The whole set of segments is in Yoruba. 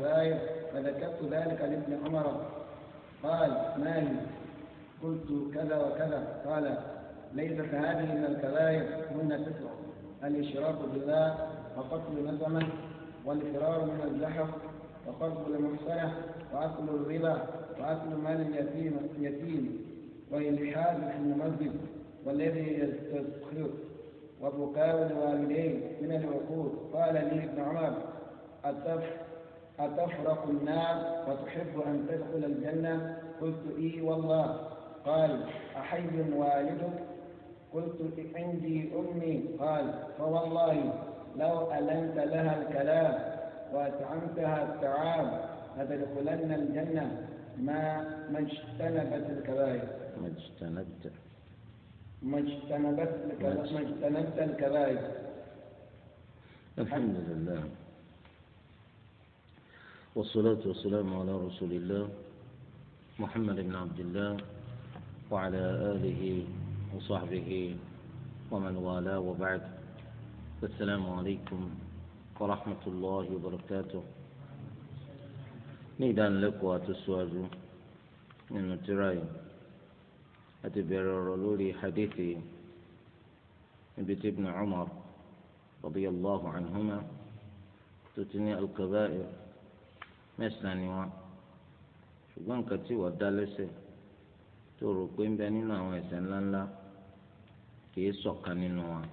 الرواية فذكرت ذلك لابن عمر قال ما هي قلت كذا وكذا قال ليست هذه من الكبائر هن تسع الاشراك بالله وقتل نسمه والفرار من الزحف وقتل المحصنه واكل الربا واكل مال اليتيم يتيم والحاد في المسجد والذي يستسخر وبكاء الوالدين من العقود قال لي ابن عمر أتفرق النار وتحب أن تدخل الجنة قلت إي والله قال أحي والدك قلت عندي أمي قال فوالله لو ألنت لها الكلام وأطعمتها الطعام لتدخلن الجنة ما ما اجتنبت الكبائر ما اجتنبت ما اجتنبت ما اجتنبت الكبائر الحمد لله والصلاة والسلام على رسول الله محمد بن عبد الله وعلى آله وصحبه ومن والاه وبعد السلام عليكم ورحمة الله وبركاته نيدان لك واتسواج من التراي أتبير لولي حديثي بيت ابن عمر رضي الله عنهما تتني الكبائر mẹsàn án ni wọn ṣùgbọ́n nǹkan tí wọ́n dá lẹ́sẹ̀ tó rò pé ń bẹ nínú àwọn nla ńláńlá kìí ṣọ̀kan nínú wọn.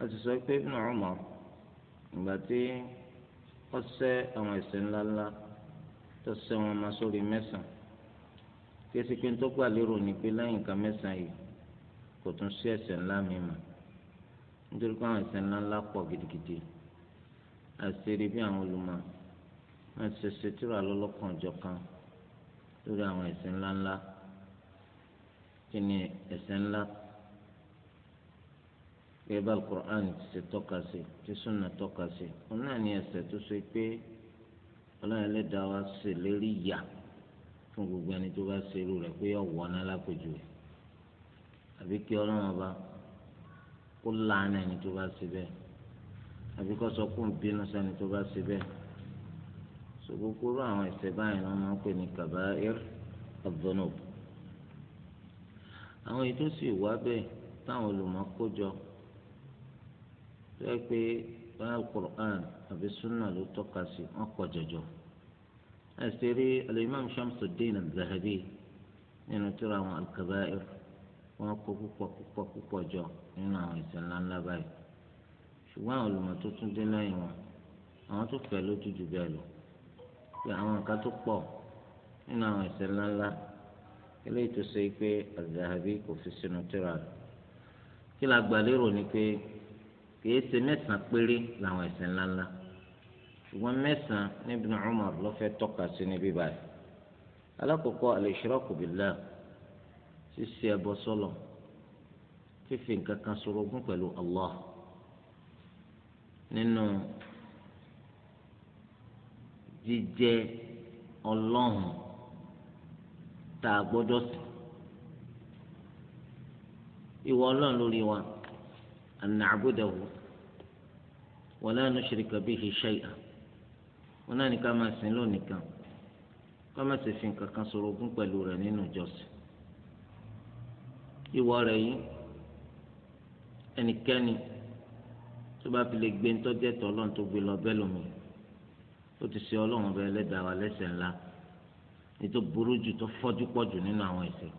a ti sọ pé Ibn Umar ìgbà tí wọ́n àwọn ẹ̀ṣẹ̀ ńláńlá tó ṣẹ́ wọn máa sórí mẹ́sàn-án kí pé ń tó gbà lérò ni pé lẹ́yìn nǹkan mẹ́sàn-án yìí kò tún sí gidigidi àwọn wọn ti ṣe tíra lọ́lọ́kan jọ̀kan lórí àwọn ẹ̀sìn ńláńlá kí ni ẹ̀sìn ńlá gẹ́gẹ́ bá alukur'an ti ṣe tọ́ka sí tí súnà tọ́ka sí òun náà ni ẹ̀ṣẹ̀ tó ṣe pé ọlọ́run ẹlẹ́dàá wa ṣe lérí yà fún gbogbo ẹni tó bá ṣe irú rẹ̀ pé ọ̀wọ́ náà lápèjú rẹ̀ àbí kí ọlọ́run ọba kó láàánú ẹni tó bá ṣe bẹ́ẹ̀ àbí kó sọ kó ń bínú sẹ́ni tó bá ṣe bẹ́ẹ̀ sògbógbóró àwọn ẹ̀ṣẹ̀ báyìí ni wọ́n máa ń pè ní kaba'ir adh-dhunub àwọn èyí tó sì wá bẹ́ẹ̀ táwọn olùmọ̀ kójọ tó yẹ pé báyà Qur'an àbí sunna ló tọ́ka sí wọ́n pọ̀ jọjọ ẹsẹ̀ rí al-Imam Shamsuddin al-Zahabi nínú tírà àwọn al-kaba'ir wọ́n kó púpọ̀ púpọ̀ púpọ̀ jọ nínú àwọn ẹ̀ṣẹ̀ ńláńlá báyìí ṣùgbọ́n àwọn olùmọ̀ tó tún dé lẹ́yìn wọn àwọn tó fẹ́ lójú jù bẹ́ẹ̀ lọ pé àwọn nǹkan tó pọ̀ nínú àwọn ẹ̀ṣẹ̀ ńláńlá eléyìí tó ṣe pé Az-Zahabi kò fi sínú tírà rẹ̀ kí la gbà lérò ni pé kìí ṣe mẹ́sàn-án péré làwọn ẹ̀ṣẹ̀ ńláńlá ṣùgbọ́n mẹ́sàn-án ní Ibn Umar ló fẹ́ tọ́ka sí níbí báyìí alákọ̀ọ́kọ́ al-ishraku ṣíṣe ẹbọ sọ́lọ̀ fífi nǹkan kan ṣorogún pẹ̀lú Allah nínú jíjẹ ọlọ́run tá a gbọ́dọ̀ sìn ìwọ ọlọ́run lórí wa an na'budahu wa la nushrika bihi shay'an wọn náà ní ká máa sìn lónìí kan ká máa sì fi nǹkan kan ṣorogún pẹ̀lú rẹ̀ nínú ìjọsìn ìwọ rẹ̀ yìí ẹnikẹ́ni tó bá fi lè gbé ńtọ́jẹ́tọ̀ ọlọ́run tó gbé lọ bẹ́ẹ̀ lómi ó ti ṣe ọlọ́run bẹ ẹlẹ́dàá wa lẹ́sẹ̀ ńlá ètò burú jù tó fọ́jú pọ̀ jù nínú àwọn ẹ̀ṣẹ̀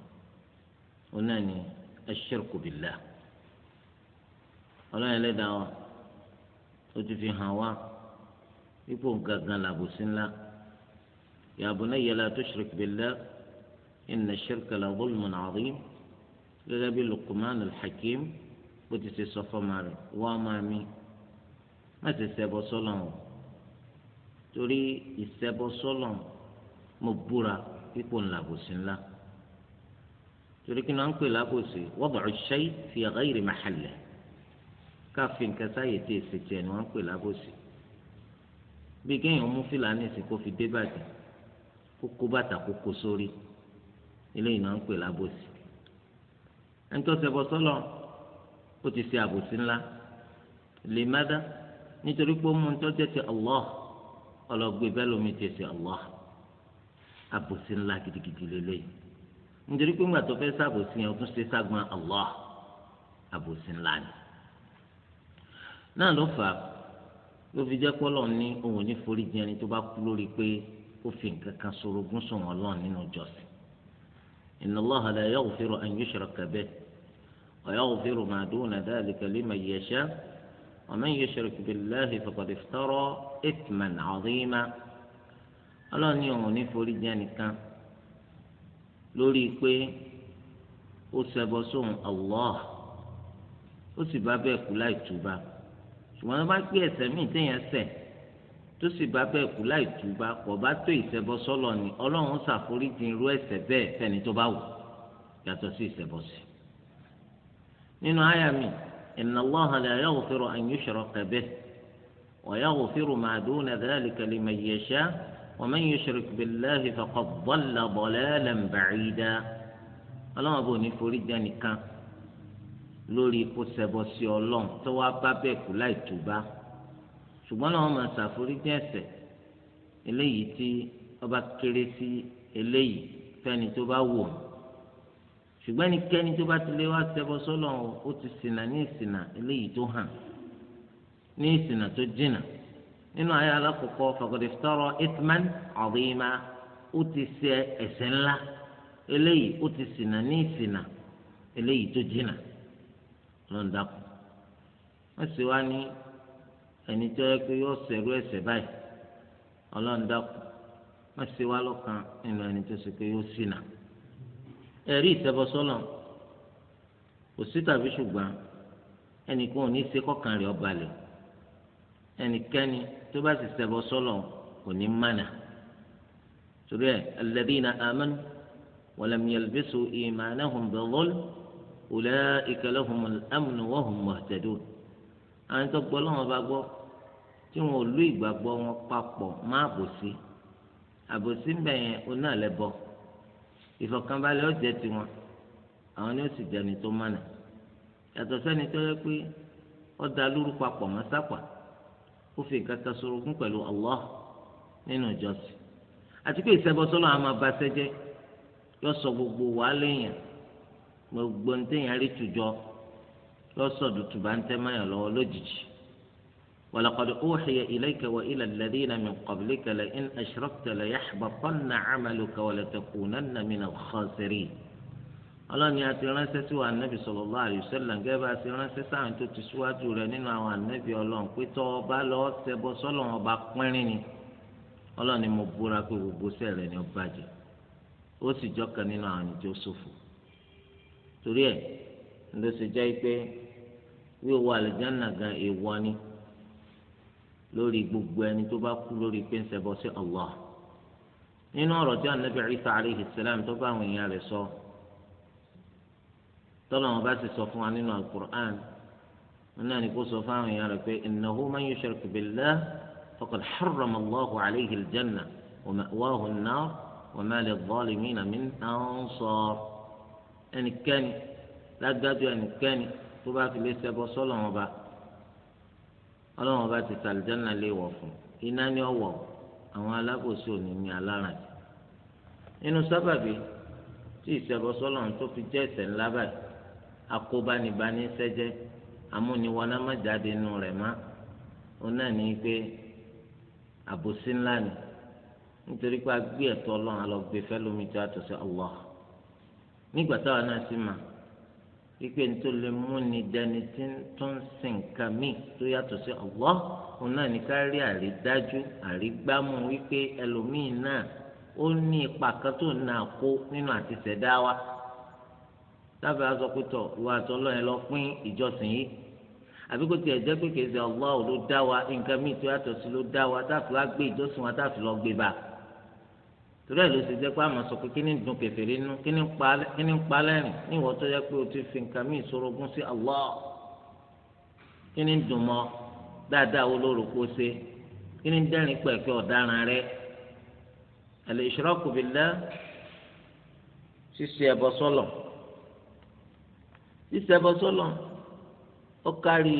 ó náà ní ash-shirku billah ọlọ́run ẹlẹ́dàá wa ó ti fi hàn wá ipò gangan làbòsí ńlá ya bunayya la tushrik billah inna ash-shirka la dhulmun gẹ́gẹ́ bí Luqman hakim bó ti ṣe sọ fọ́ọ̀mà rẹ̀ wọ́n á máa mí má ti ṣẹbọ sọ́lọ́run o torí ìṣẹbọ sọlọ mo búra pípò ńlábòsí ńlá torí kí ni wọn ń pè lábòsí wad'u shay fi ghayri mahallihi káfíń kẹsàyè tí èsì tiẹ̀ ni wọn ń pè lábòsí bí kéèyàn mú fìlànà ìsìn kó fi dé bàjẹ́ kó kó bàtà kó kó sórí eléyìí náà ń pè lábòsí ẹni tó ṣẹbọ sọlọ ó ti ṣe àbòsí ńlá lè má dá nítorí pé ó mú un tó jẹ́ ti Allah ọlọgbẹ bẹ́ẹ̀ lómi ti ṣe Allah àbòsí ńlá gidigidi lélẹyìí nítorí pé ńgbà tó fẹ́ ṣàbòsí yẹn o tún ṣe ságbọn Allah àbòsí ńlá ni náà ló fà á ló fi jẹ́ pọ́lọ́ ní òun ní foríjì ẹni tó bá kú lórí pé ó fi nǹkan kan sorogún sùn wọn lọ́n nínú ìjọsìn inna Allaha la yaghfiru an yushraka bihi wa yaghfiru ma duna dhalika liman yasha' ومن يشرك بالله فقد افترى إثما عظيما ọlọ́run ní òun ní forí jẹ́ nìkan lórí pé ó ṣẹbọ sóhun allah ó sì bá bẹ́ẹ̀ kú láì túbà ṣùgbọ́n bá gbé ẹ̀ṣẹ̀ míì téèyàn ṣẹ̀ tó sì bá bẹ́ẹ̀ kú láì túbà kò bá tó ìṣẹbọ sọ́lọ̀ ni ọlọ́run ó ṣàforíjì irú ẹ̀ṣẹ̀ bẹ́ẹ̀ fẹ́ni tó bá wù yàtọ̀ sí ìṣẹbọ sí nínú àyà mi. إن الله لا يغفر أن يشرك به ويغفر ما دون ذلك لمن يشاء ومن يشرك بالله فقد ضل ضلالا بعيدا الله أبو نفور جانكا لولي قصب وسيولون توا بابك لا يتوبا شبان الله ما سافور جانسة إليه تي أبا كريسي إليه فاني توبا ṣùgbọ́n ẹnikẹ́ni tó bá ti lé wá ṣẹbọ sọ́lọ̀ ó ti ṣìnà ní ìṣìnà eléyìí tó hàn ní ìṣìnà tó jìnà nínú ayé alákòókò faqad iftara ithman azima ó ti ṣe ẹ̀ṣẹ̀ ńlá eléyìí ó ti ṣìnà ní ìṣìnà eléyìí tó jìnà lọ́ńdà kù wọ́n sì wá ní ẹni tó yẹ pé yóò ṣẹ̀rú báyìí wọ́n ẹ̀rí ìṣẹ́bọsọ́nà kò sí tàbí ṣùgbọ́n ẹnìkan ò ní ṣe kọ́kàn rẹ̀ ọba lẹ̀ ẹnikẹ́ni tó bá sì ṣẹbọsọ́nà kò ní mánà torí ẹ alladhina amanu wa lam yalbisu imanahum bi-dhulm ulaika lahumul amnu wa hum muhtadun àwọn tó gbọ́ lọ́wọ́ bá gbọ́ tí wọn ò lú ìgbàgbọ́ wọn papọ̀ má àbòsí àbòsí ń bẹ̀yẹn onáàlẹ́bọ̀ọ́ ìfọ̀kànbalẹ̀ ó jẹ́ tiwọn àwọn ni ó sì jẹ́ni tó mọ̀nà yàtọ̀ sẹ́ni tó yẹ pé ó da lóru papọ̀ mọ́ sápà ó fi nǹkan kan sorogún pẹ̀lú Allah nínú ìjọsìn àti pé àwọn máa ba yọ gbogbo wa èèyàn gbogbo ní téèyàn yọ sọ dùtùbà ń tẹ́ lójijì ولقد أوحي إليك وإلى الذين من قبلك لئن أشركت ليحبطن عملك ولتكونن من الخاسرين ọlọ́run ni a ti ránṣẹ́ sí wa ànábì sallallahu alaihi wasallam gẹ́gẹ́ bá a ti ránṣẹ́ sáwọn tó ti síwájú rẹ̀ nínú àwọn ànábì ọlọ́run pé tọ́ ọba lọ́ọ́ ṣẹbọ sọ́lọ́run ọba pínrín ni ọlọ́run ni mo búra pé gbogbo sẹ́ẹ̀ rẹ̀ ni ó bàjẹ́ ó sì jọ́kan nínú àwọn ẹni tó ṣòfò torí ẹ̀ ló ṣe jẹ́ pé wíwọ àlùjánnà gan èèwọ̀ ni lórí gbogbo ẹni tó bá kú lórí pé ń ṣẹbọ sí Allah nínú ọ̀rọ̀ tí anabi Isa alayhi salam tó bá àwọn èèyàn rẹ̀ sọ tọ́lọ̀ wọn bá sì sọ fún wa nínú al-Qur'an wọn náà ní kó sọ fún àwọn èèyàn rẹ̀ pé innahu man yushrik billah faqad harrama Allahu alayhi al-janna wa ma'wahu an-nar wa ma lil-zalimina min ansar ẹnikẹ́ni lágbájú ẹnikẹ́ni tó bá fi lè ṣẹbọ sọ́lọ̀ wọn bá. ọlọ́run ọba ti sàlìjánà lè wọ̀ fún iná ní ọ̀wọ̀ àwọn alábòsí òní ní aláràn nínú sábàbí tí ìṣẹ̀bọsọ́lọ́run tó fi jẹ́ ẹ̀ṣẹ̀ ńlá báyìí akóbánibání sẹ́jẹ́ amúniwọná nù rẹ̀ má náà ní pé àbòsí ńlá ni nítorí pé a gbé ẹ̀tọ́ ọlọ́run a lọ sí nígbà táwa náà sì wípé nítorí lè mú ni dání tí tó ń sin nǹkan míì tó yàtọ̀ sí Allah òun náà ní ká rí àrídájú àrígbámú wípé ẹlòmíì náà ó ní ipa kan tó náà kó nínú àti ṣẹ̀dá wa lábẹ́ aṣọ pẹ̀tọ̀ ìwà àtọ́lọ́ yẹn lọ pín ìjọsìn yìí àbí kò tiẹ̀ jẹ́ pé kèsì Allah ló dá wa nǹkan míì tó yàtọ̀ sí ló dá wa táfi wá gbé ìjọsìn wa táfi lọ gbé bá a. torí ẹ̀ ló ṣe jẹ́ pé àmọ̀ sọ pé kí ni dùn pèfèrè nínú kí ni pa lẹ́rìn ní ìwọ tó yẹ pé o ti fi nǹkan míì sorogún sí Allah kí ni dùn dáadáa wo ló rò kó ṣe kí ni rẹ sọlọ ṣíṣe ẹbọ sọlọ ó kárí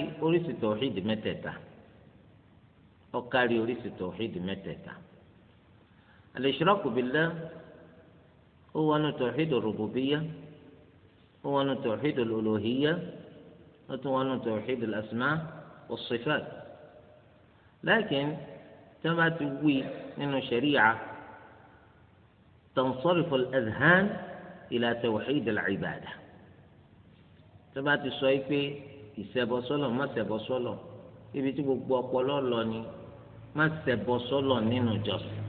mẹ́tẹ̀ẹ̀ta al-ishraku billah ó wà nù tawhid ar-rububiyyah ó wà nù tawhid al-uluhiyyah ó tún wà nù tawhid al-asma was-sifat lakin tí wọ́n bá ti wí nínú sharia tansarifu al-adhan ila tawhid al-ibadah tó bá ti sọ yìí pé ìṣẹbọ sọlọ má ṣẹbọ sọlọ ibi tí gbogbo ọpọlọ lọ ni má ṣẹbọ sọlọ nínú ìjọsìn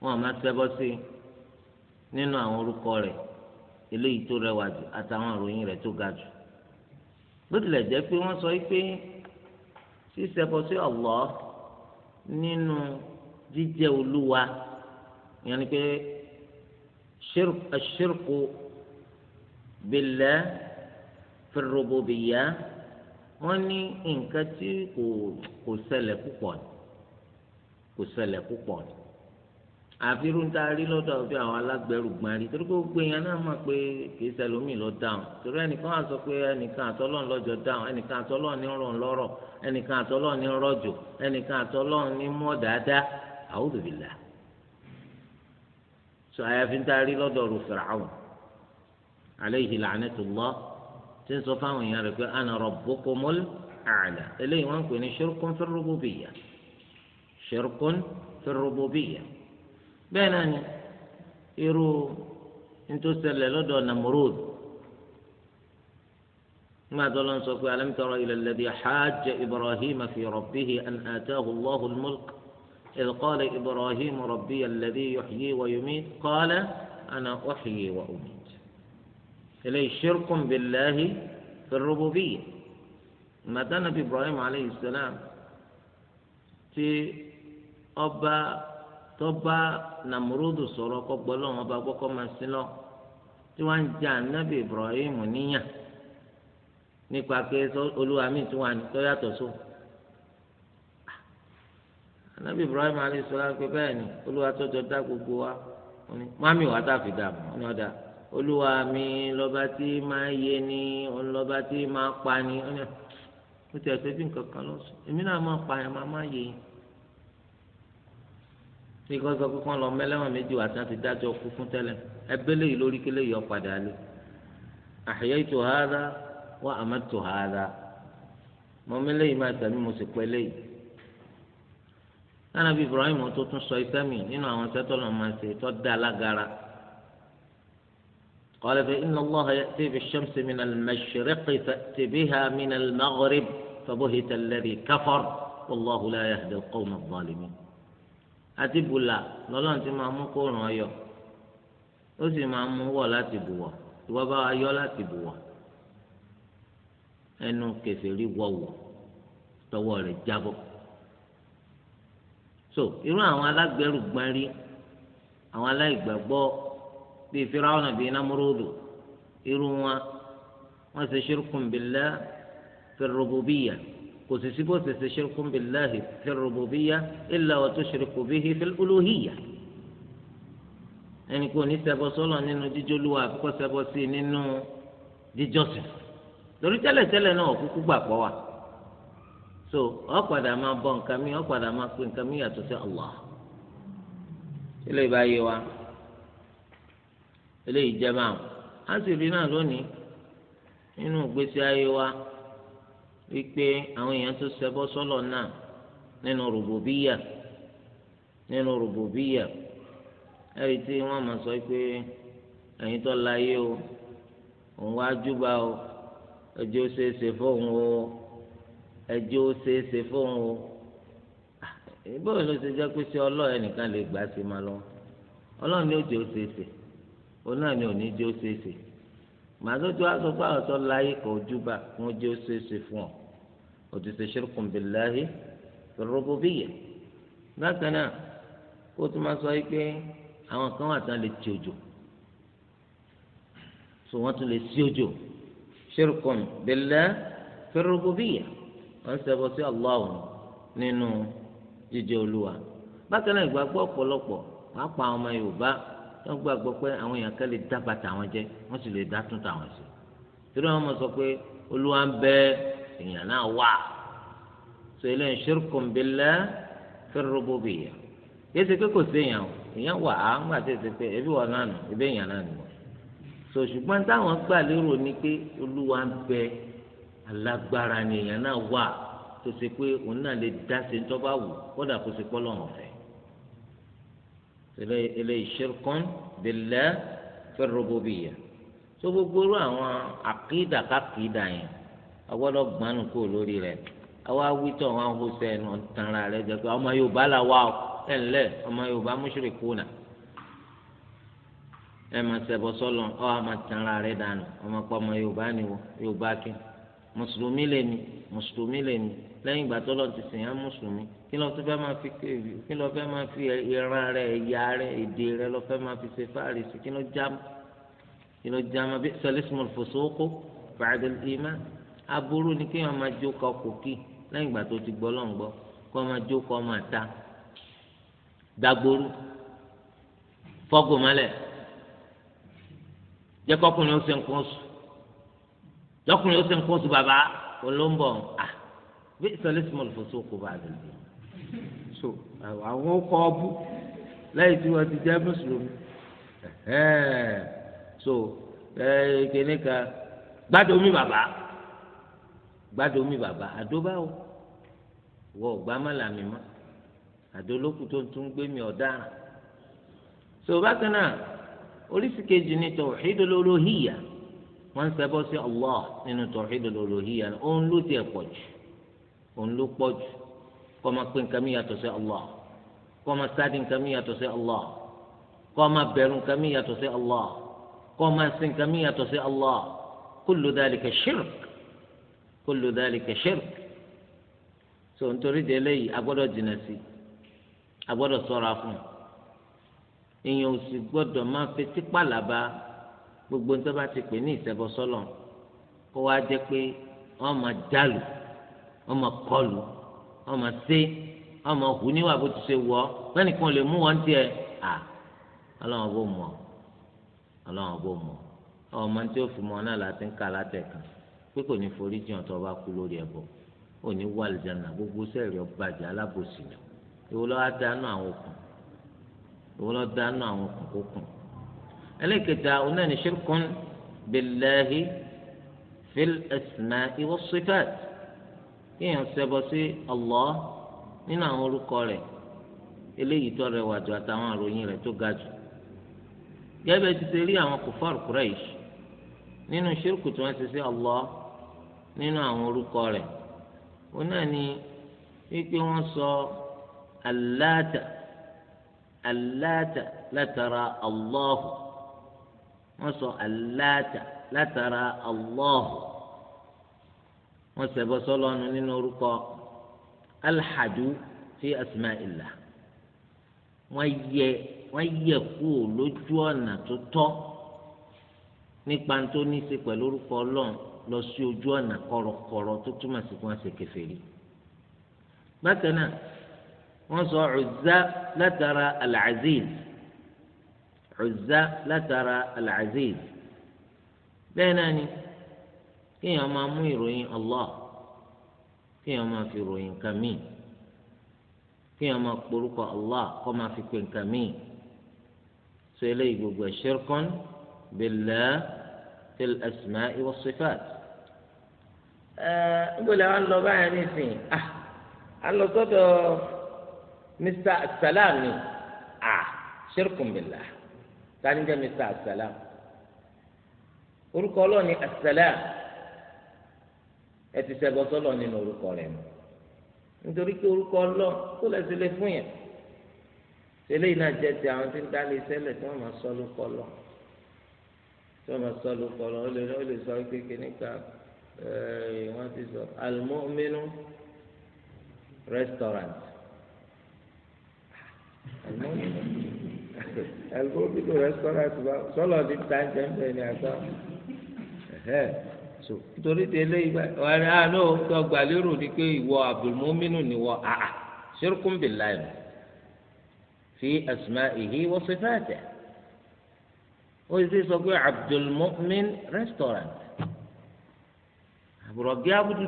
wọn àmà ṣẹbọ sí nínú àwọn orúkọ rẹ̀ eléyìí tó rẹwà jù àtàwọn àròyìn rẹ̀ tó ga jù bó tilẹ̀ jẹ́ pé wọ́n sọ pé ṣíṣẹbọ sí Allah nínú jíjẹ́ olúwa ìyẹn ni pé ṣírkù billah fi wọ́n ní nǹkan tí kò ṣẹlẹ̀ púpọ̀ kò ṣẹlẹ̀ púpọ̀ ni àfi irú ta rí lọ́dọ̀ bí àwọn alágbẹ̀rù gbọ́n rí torí pé gbogbo èèyàn náà mọ̀ pé kì í sẹlómìn lọ dáhùn torí ẹnìkan á sọ pé ẹnìkan àtọ́lọ́n lọ́jọ́ dáhùn ẹnìkan àtọ́lọ́n ní rọ̀ lọ́rọ̀ ẹnìkan àtọ́lọ́n ní rọ̀jò ẹnìkan àtọ́lọ́n ní mọ̀ dáadáa a'udhu sọ àyàfi ta rí lọ́dọ̀ rò Fir'aun alayhi la'natullah tí ń sọ fáwọn èèyàn bẹ́ẹ̀ náà ni irú nítòsílẹ̀ lọ́dọ̀ namorod nígbà tó lọ́n sọ pé alẹ́ tara ila alladhi hajja ibrahim fi rabbihi an ataahu allahu mọ́lk idh qala ibrahim rabbi alladhi yọ̀hìyẹ wa yumit qala ana uhyi wa ilé ìṣirkùn shirkun billahi fi rububiyyah màdánà bí ibrahim alayhi salam ti ọba. tọba namurudu sọ̀rọ̀ kọgbọ lọwọ bá gbọkọ máa sin lọ tí wọn jẹ anabi ibrahim níyà nípa pé olúwa mi tún wà tó yàtọ̀ sóun anabi ibrahim alayisalaam pé bẹ́ẹ̀ ni olúwa tọ́jọ́ dá gbogbo wa wọ́n ní mami wàá tàfi dààmú wọ́n ní ọ̀dà olúwa mi lọ́ba tí máa yé ni òun tí máa pa ni wọ́n ní ó ti bí nǹkan kan lọ́sùn èmi náà máa pa ẹ̀ máa máa yé yín bí kò sọ pé kò lọ mẹlẹ́wọ̀n méjì wá sí àti dájọ́ kú fún tẹ́lẹ̀ ẹgbẹ́lẹ́ yìí lórí kélé yọ padà lé ahyaytu hadha wa ha hadha mọ mẹlẹ́ yìí máa tẹ̀mí mo sì pẹ́ lẹ́yìn. Ànábì Ibrahim tó tún sọ iṣẹ́ mi nínú àwọn iṣẹ́ tó lọ́ máa ṣe tó dá alágara قال فإن الله يأتي بالشمس من المشرق فأت بها من المغرب فبهت الذي كفر والله لا يهدي القوم الظالمين àti bùlà lọ́lọ́run ti máa mú kó ràn ọ́ yọ ó sì máa mú wọ̀ láti bùwọ̀ ìwọ bá wa yọ láti bùwọ̀ ẹnu kẹfẹ́rí wọ̀wọ̀ tọwọ́ rẹ̀ jábọ̀ so irú àwọn alágbẹ̀rù gbárí àwọn aláìgbàgbọ́ bíi firawuna bíi namurudu irú wọn wọn ṣe ṣirkun billah kò sì sí bó ṣe ṣe ṣirkun billahi fi rububiyyah illa wa tushriku bihi fi uluhiyyah ẹnì kò ní ṣẹbọ sọ́lọ̀ nínú jíjọ́lúwa àbíkọ́ ṣẹbọ sí nínú jíjọ́sìn torí tẹ́lẹ̀tẹ́lẹ̀ náà kúkú gbàgbọ́ wa so ó padà máa bọ nǹkan mi ó padà máa pe nǹkan mi yàtọ̀ sí Allah ilé ìbáyé wa ilé ìjẹba àwọn á sì rí náà lónìí nínú ìgbésí ayé wa wípé àwọn èèyàn tó ṣẹbọ sọ́lọ̀ náà nínú rògbòbíyà nínú rògbòbíyà ẹ̀rí tí wọ́n máa sọ pé ẹ̀yin tó láyé o òun wá júbà o ẹjọ́ ó ṣeé ṣe fóun o ẹjọ́ ó ṣeé ṣe fóun o ah, bóyá ló ṣe jẹ́ pé ṣé ọlọ́ọ̀ ẹnìkan lè gbà sí ma lọ ọlọ́ọ̀ ni ó jẹ́ ó ṣeé ṣe òun náà ni ò ní jẹ́ ó ṣeé ṣe màdójú aṣọ fún àwọn tó láyé kò júbà wọn jẹ oṣooṣe fún ọ òtún ṣe ṣírkùn bìláhi rọgbọ bíyẹ bákan náà kó o tún máa sọ pé àwọn kan wà tán lè ti òjò so wọn tún lè sí òjò ṣírkùn bìláhi rọgbọ bíyẹ wọn ṣẹbọ sí Ọlọ́run nínú jíjẹ olúwa bákan ìgbàgbọ́ ọ̀pọ̀lọpọ̀ pàápàá ọmọ Yorùbá wọ́n gbàgbọ́ pé àwọn èèyàn kan lè dá bàtà wọn jẹ́ wọ́n sì lè dá tún tàwọn sí torí wọ́n mọ̀ sọ pé olúwa ń bẹ èèyàn náà wà so ilé ìṣirkùn billah fi rububiyyah pé kò sí èèyàn èèyàn wà á ń gbà tètè pé ebi wà náà nù ebi èèyàn náà nù so ṣùgbọ́n táwọn gbà lérò ni pé olúwa ń bẹ alágbára ni èèyàn náà wà tó ṣe pé òun náà lè dá ṣe tó bá wù kódà kó ṣe pọ́ lọ́wọ́ fẹ́ eléyìí ṣirkun billah fi rububiyyah tó gbogbo irú àwọn àkídà kákìdà yẹn agbọ́dọ̀ gbanu kó lórí rẹ̀ àwa wítọ̀ wọn hó sẹ́nu tanra rẹ̀ jẹ́ pé ọmọ Yorùbá là wà ó ẹ̀ ńlẹ̀ ọmọ Yorùbá mushrikuna ẹ̀ máa ṣẹbọ sọ́lọ̀ ọ́ àmà tanra rẹ̀ dànù ọmọ pọ̀ ọmọ Yorùbá ni wọ́n Yorùbá kí mùsùlùmí lèmi mùsùlùmí lèmi lẹ́yìn ìgbà tó lọ́n ti sìn yá mùsùlùmí kí lọ́ọ́ tó fẹ́ máa fi kí lọ́ọ́ fẹ́ máa fi ìran rẹ̀ ẹ̀yà rẹ̀ èdè rẹ̀ lọ́ọ́ fẹ́ máa fi ṣe fáàrí sí kí lọ́ọ́ jáma kí lọ́ọ́ jáma bí sọlẹ́sìmọ̀lù fòsókó bàdé ìmá aburú ni kí wọ́n máa jó kọ kòkì lẹ́yìn ìgbà tó ti gbọ́ lọ́n gbọ́ kó máa jó kọ máa ta dagboru fọ́gùnmọ́lẹ̀ jẹ́kọ́kùnrin ó ṣe nǹkan oṣù lọkùnrin ó sì ń kó oṣù bàbá olóńbọ̀ à ah, bí ìsọlẹ̀ sì mọ̀ lọ́fọ̀ sí òkú bá rẹ̀ lè so àwọn ọkọ̀ ọbú lẹ́yìn tí wọ́n ti jẹ́ mùsùlùmí so kìnìkà gbádùnmí bàbá gbádùnmí bàbá àdóbáwò wọ́n ò gbá má làmì mọ́ àdólókù tó ń tún gbé mi ọ̀daràn so bákan náà oríṣi kejì ni tọ̀hídólóró híyà wọ́n ń ṣẹbọ sí Allah nínú tawhidul uluhiyya òun ló tiẹ̀ pọ̀ jù òun ló pọ̀ jù kọ́ máa pín nǹkan mi yàtọ̀ sí Allah kọ́ máa sáàdì nǹkan mi yàtọ̀ sí Allah kọ́ máa bẹ̀rù nǹkan mi yàtọ̀ sí Allah kọ́ máa sin nǹkan mi yàtọ̀ sí Allah kullu dhalika shirk kullu dhalika shirk so nítorí délé yìí a jìnnà sí a gbọ́dọ̀ fún èèyàn ò sì gbọ́dọ̀ máa fetí pàlàbà gbogbo ní sábà ti pè ní ìṣẹbọ sọlọ kó wá jẹ pé wọn máa dàlù wọn máa kọlù wọn máa sé wọn máa hù níwà bó ti ṣe wọ wọn nìkan lè mú wọn tiẹ̀ à Ọlọ́run bó mọ Ọlọ́run bó mọ ọmọ tí ó fi mọ náà láti ń kà látẹkàn pé kò ní forí jìn ọtọ bá kú lórí ẹbọ ò ní wà lìjànà gbogbo sẹẹrì ọgbàjà alábòsí ni dáná àwọn okùn ìwọ dáná àwọn okùn kókùn ẹlẹ́kẹta onáni ṣirkun billahi fil asma'i was sifat kéèyàn ṣẹbọ sí Allah nínú àwọn orúkọ rẹ̀ eléyìí tó rẹwà jù àtàwọn àròyìn rẹ̀ tó ga jù gẹ́gẹ́ ti ṣe rí àwọn kòfàr Quraish nínú ṣírkù tí wọ́n ti ṣe Allah nínú àwọn orúkọ rẹ̀ ó náà wípé wọ́n sọ aláàtà aláàtà látara Allahu wọ́n sọ aláàtà látara allahu wọ́n sẹbọ sọlọnu nínú orúkọ alhadu fi asma illah wọ́n yẹ wọ́n yẹ kú lójú ọ̀nà tó tọ́ nípa tó ní í ṣe pẹ̀lú orúkọ ọlọ́run lọ sí ojú ọ̀nà kọ̀rọ̀kọ̀rọ̀ tó túmọ̀ sí kí wọ́n ṣe kèfèrí bákan náà wọ́n sọ ọ̀zá látara alaziz. Uzza látara al-Aziz bẹ́ẹ̀ náà ni kéèyàn máa mú ìròyìn Allah kéèyàn máa fi ròyìn nǹkan míì kéèyàn máa porúkọ Allah kó máa fi pè nǹkan míì sọ eléyìí gbogbo ẹ̀ shirkun billah fil asma'i was sifat. ẹ ń gbọ́dọ̀ àwọn lọ báyà nísìnyí ah à ń lọ sọ́dọ̀ Mr. Salami ah shirkun billah. tani jẹ́ mr asalam orúkọ ọlọ́ọ̀ni asalam ẹ ti sẹ́gbọ́ sọ́lọ̀ nínú orúkọ rẹ̀ mọ́ nítorí pé orúkọ ọlọ́ọ̀ kó lẹ́sẹ̀ lé fún yẹn tẹ́lẹ̀ iná jẹ́ ti àwọn tí ń dálé sẹ́lẹ̀ tí wọ́n máa sọ lórúkọ ọlọ́ọ̀ tí wọ́n máa sọ lórúkọ ọlọ́ọ̀ ó lè sọ kékeré nípa eh, wọ́n ti sọ alimọ́mínú restaurant ah, alimọ́mínú ẹlòmídò rẹ́sítọ́rántì wa sọ́lọ́ ní táǹjẹ́ ń bẹ̀ ní àgbà so nítorí tí eléyìí bá wà ní àná tó gbà lérò ni pé ìwọ abdulmuminu ni wọ àà ṣírkùn bìláì nù fi asma'ihi wa sifatihi ó sì sọ pé abdulmumin restaurant àbùrọ̀gí abudu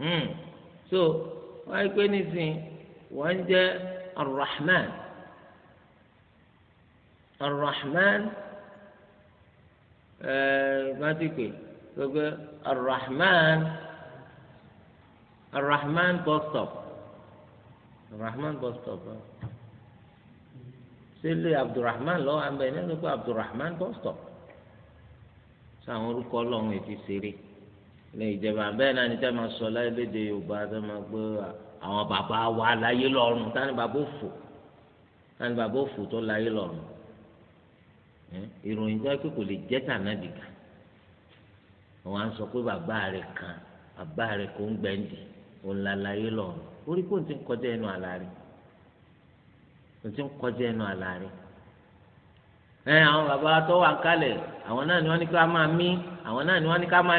hmm, so wọ́n pé nísìnyí wọ́n jẹ́ arrahman arahman ẹẹ bàtí pé gbogbo arahman arahman bus stop arahman bus stop sílé abdulrahman lọ àmbẹ ní ẹni pé abdulrahman bus stop sáwọn orúkọ Ọlọ́run èti ṣeré ní ìjẹba bẹ́ẹ̀ náà ni tẹ máa sọ láìlédè yorùbá tẹ máa gbé àwọn bàbá wa láyé lọ́run tani bàbá òfò tani bàbá òfò tó láyé lọ́run. ìròyìn tó yẹ kò lè jẹ́ tànàbì kan wọn sọ pé bàbá rẹ kan bàbá rẹ kò ń gbẹ̀ǹdì òun lálàyé lọ́rùn orí kò tí ń kọjá ẹnu àlá kò ń kọjá ẹnu àlá rẹ̀ ẹ àwọn bàbá tó wà ń kalẹ̀ àwọn náà ni wọ́n ní ká máa mí àwọn náà ni wọ́n ní ká máa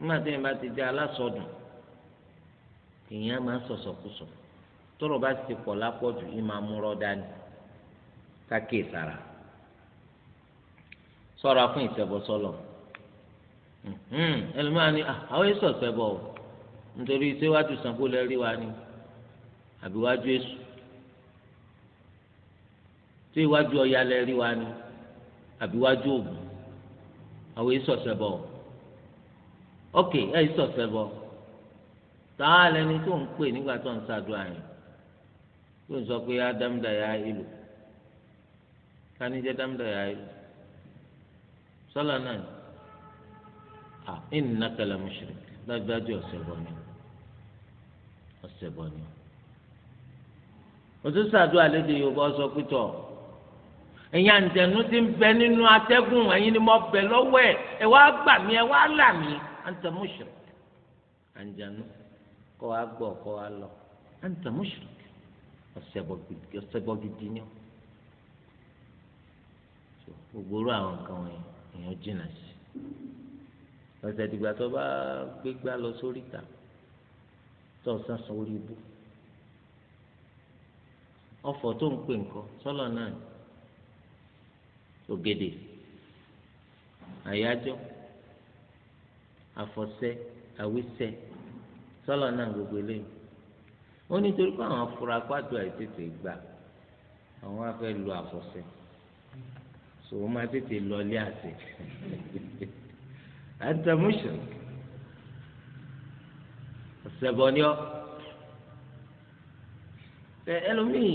nígbà tí ìyẹn bá ti di alásọdùn ìyẹn máa ń sọ̀sọ̀kùsọ̀ tọrọ bá ti pọ̀ lápọ̀jù ìyẹn máa múrọ́ dání kákè sára ṣọ́ra fún ìṣẹbọ sọlọ ẹlòmíràn ni àwọn èso ìṣẹbọ o nítorí wa ni àbíwájú èṣù tí iwájú Ọya wa ni àbíwájú Ògún àwọn èso ìṣẹbọ o. ok ẹ yìí sọ̀sẹ̀ bọ̀ táà lẹni tó ń pè nígbà tó ń ṣàdúrà yẹn tó ń sọ pé ádámdà yà á ìlú kanijẹ́ dámdà yà á ìlú sọ́lá náà à innaka la mushrik dájúdájú ọ̀sẹ̀ bọ̀ ni ọ̀sẹ̀ bọ̀ ni òtún ṣàdúrà lédè Yorùbá sọ pé tọ̀ ẹ̀yin ti ń bẹ nínú atẹ́gùn ẹ̀yin ni mo bẹ̀ lọ́wọ́ ẹ̀ ẹ̀ wá gbà mí ẹ̀ wá là mí anta mushrik àǹjànú ko wa gbọ́ kó wa lọ anta mushrik ọ̀sẹ̀bọ̀ gidi ni ó gbogbo àwọn nǹkan wọ̀nyí èèyàn jìnnà sí ọ̀sẹ̀ dìgbà tó bá gbégbá lọ sórí ìta tó ọ̀sán san orí ibú ọ̀fọ̀ tó ń pè nǹkan sọ́lọ̀ náà ògèdè àyájọ́ àfọ̀ṣẹ àwíṣẹ sọlọ náà gbogbo eléyìí ó nítorí pé àwọn afura pàtó àìtètè gbà àwọn afẹ́ lu àfọ̀ṣẹ so wọ́n máa tètè lọlé àṣẹ àtẹmúṣàn ọ̀sẹ̀bọ̀niọ́ ẹ ẹlòmíì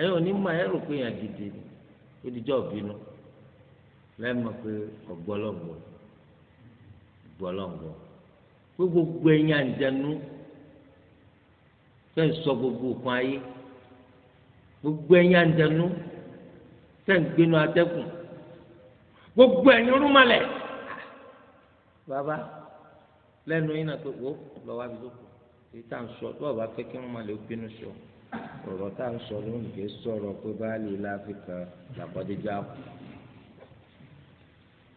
ẹ ò ní máa ẹ rò pé yàn gidi ni ó dijọ́ bínú lẹ́ẹ̀mọ́ pé ọ̀gbọ́lọ́gbọ́lọ́ gbọ́ lọ́wọ́ pé gbogbo ẹ̀yin àǹjẹ̀nu fẹ́ sọ gbogbo òkun ayé gbogbo ẹ̀yin àǹjẹ̀nu fẹ́ gbénu atẹ́kùn gbogbo ẹ̀yin rúmọ̀lẹ̀ bàbá lẹ́nu yín náà pé wò lọ́wọ́ àbí tó kù tá à ń sọ tó o bá fẹ́ kí rúmọ̀lẹ̀ ó bínú sọ ọ̀rọ̀ tá à ń sọ lónìí kì í sọ̀rọ̀ pé báàlì ilé áfíríkà làkọ́dé já kù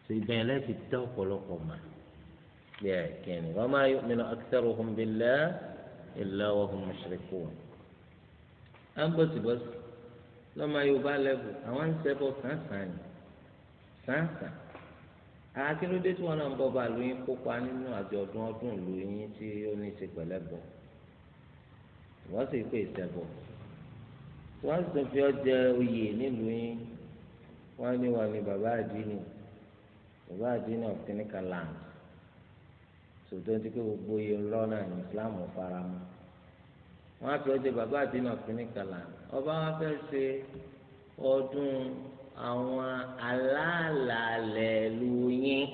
ṣègbè ẹ̀ tẹ́ ọ̀pọ̀lọpọ̀ màá bí ẹ̀kẹ́ni wa ma yu'minu aktharuhum billahi illa wa hum mushrikun. à ń bọ̀sibọ̀sì lọ́mọ yorùbá lẹ́bù àwọn ń sẹ́bọ̀ sàǹsàn yìí sàǹsàn. akíndóde tí wọn náà ń bọ̀ bá lóyún kópa nínú àjọ̀dún ọdún lóyún tí ó ní ti pẹ̀lẹ́ bọ̀ wọ́n sì pè sẹ́bọ̀ tí sì fi ọjẹ́ oyè nílùú yín wọ́n ní wọn ni bàbá àdínì bàbá àdínì of clinical sòtọ́ ti pé gbogbo iye ńlọ náà ní Islam fara mọ́ wọn á fi ọjọ́ bàbá àdínà fínìkàlà ọba wọn fẹ́ ṣe ọdún àwọn aláàlàlẹ̀ lu yín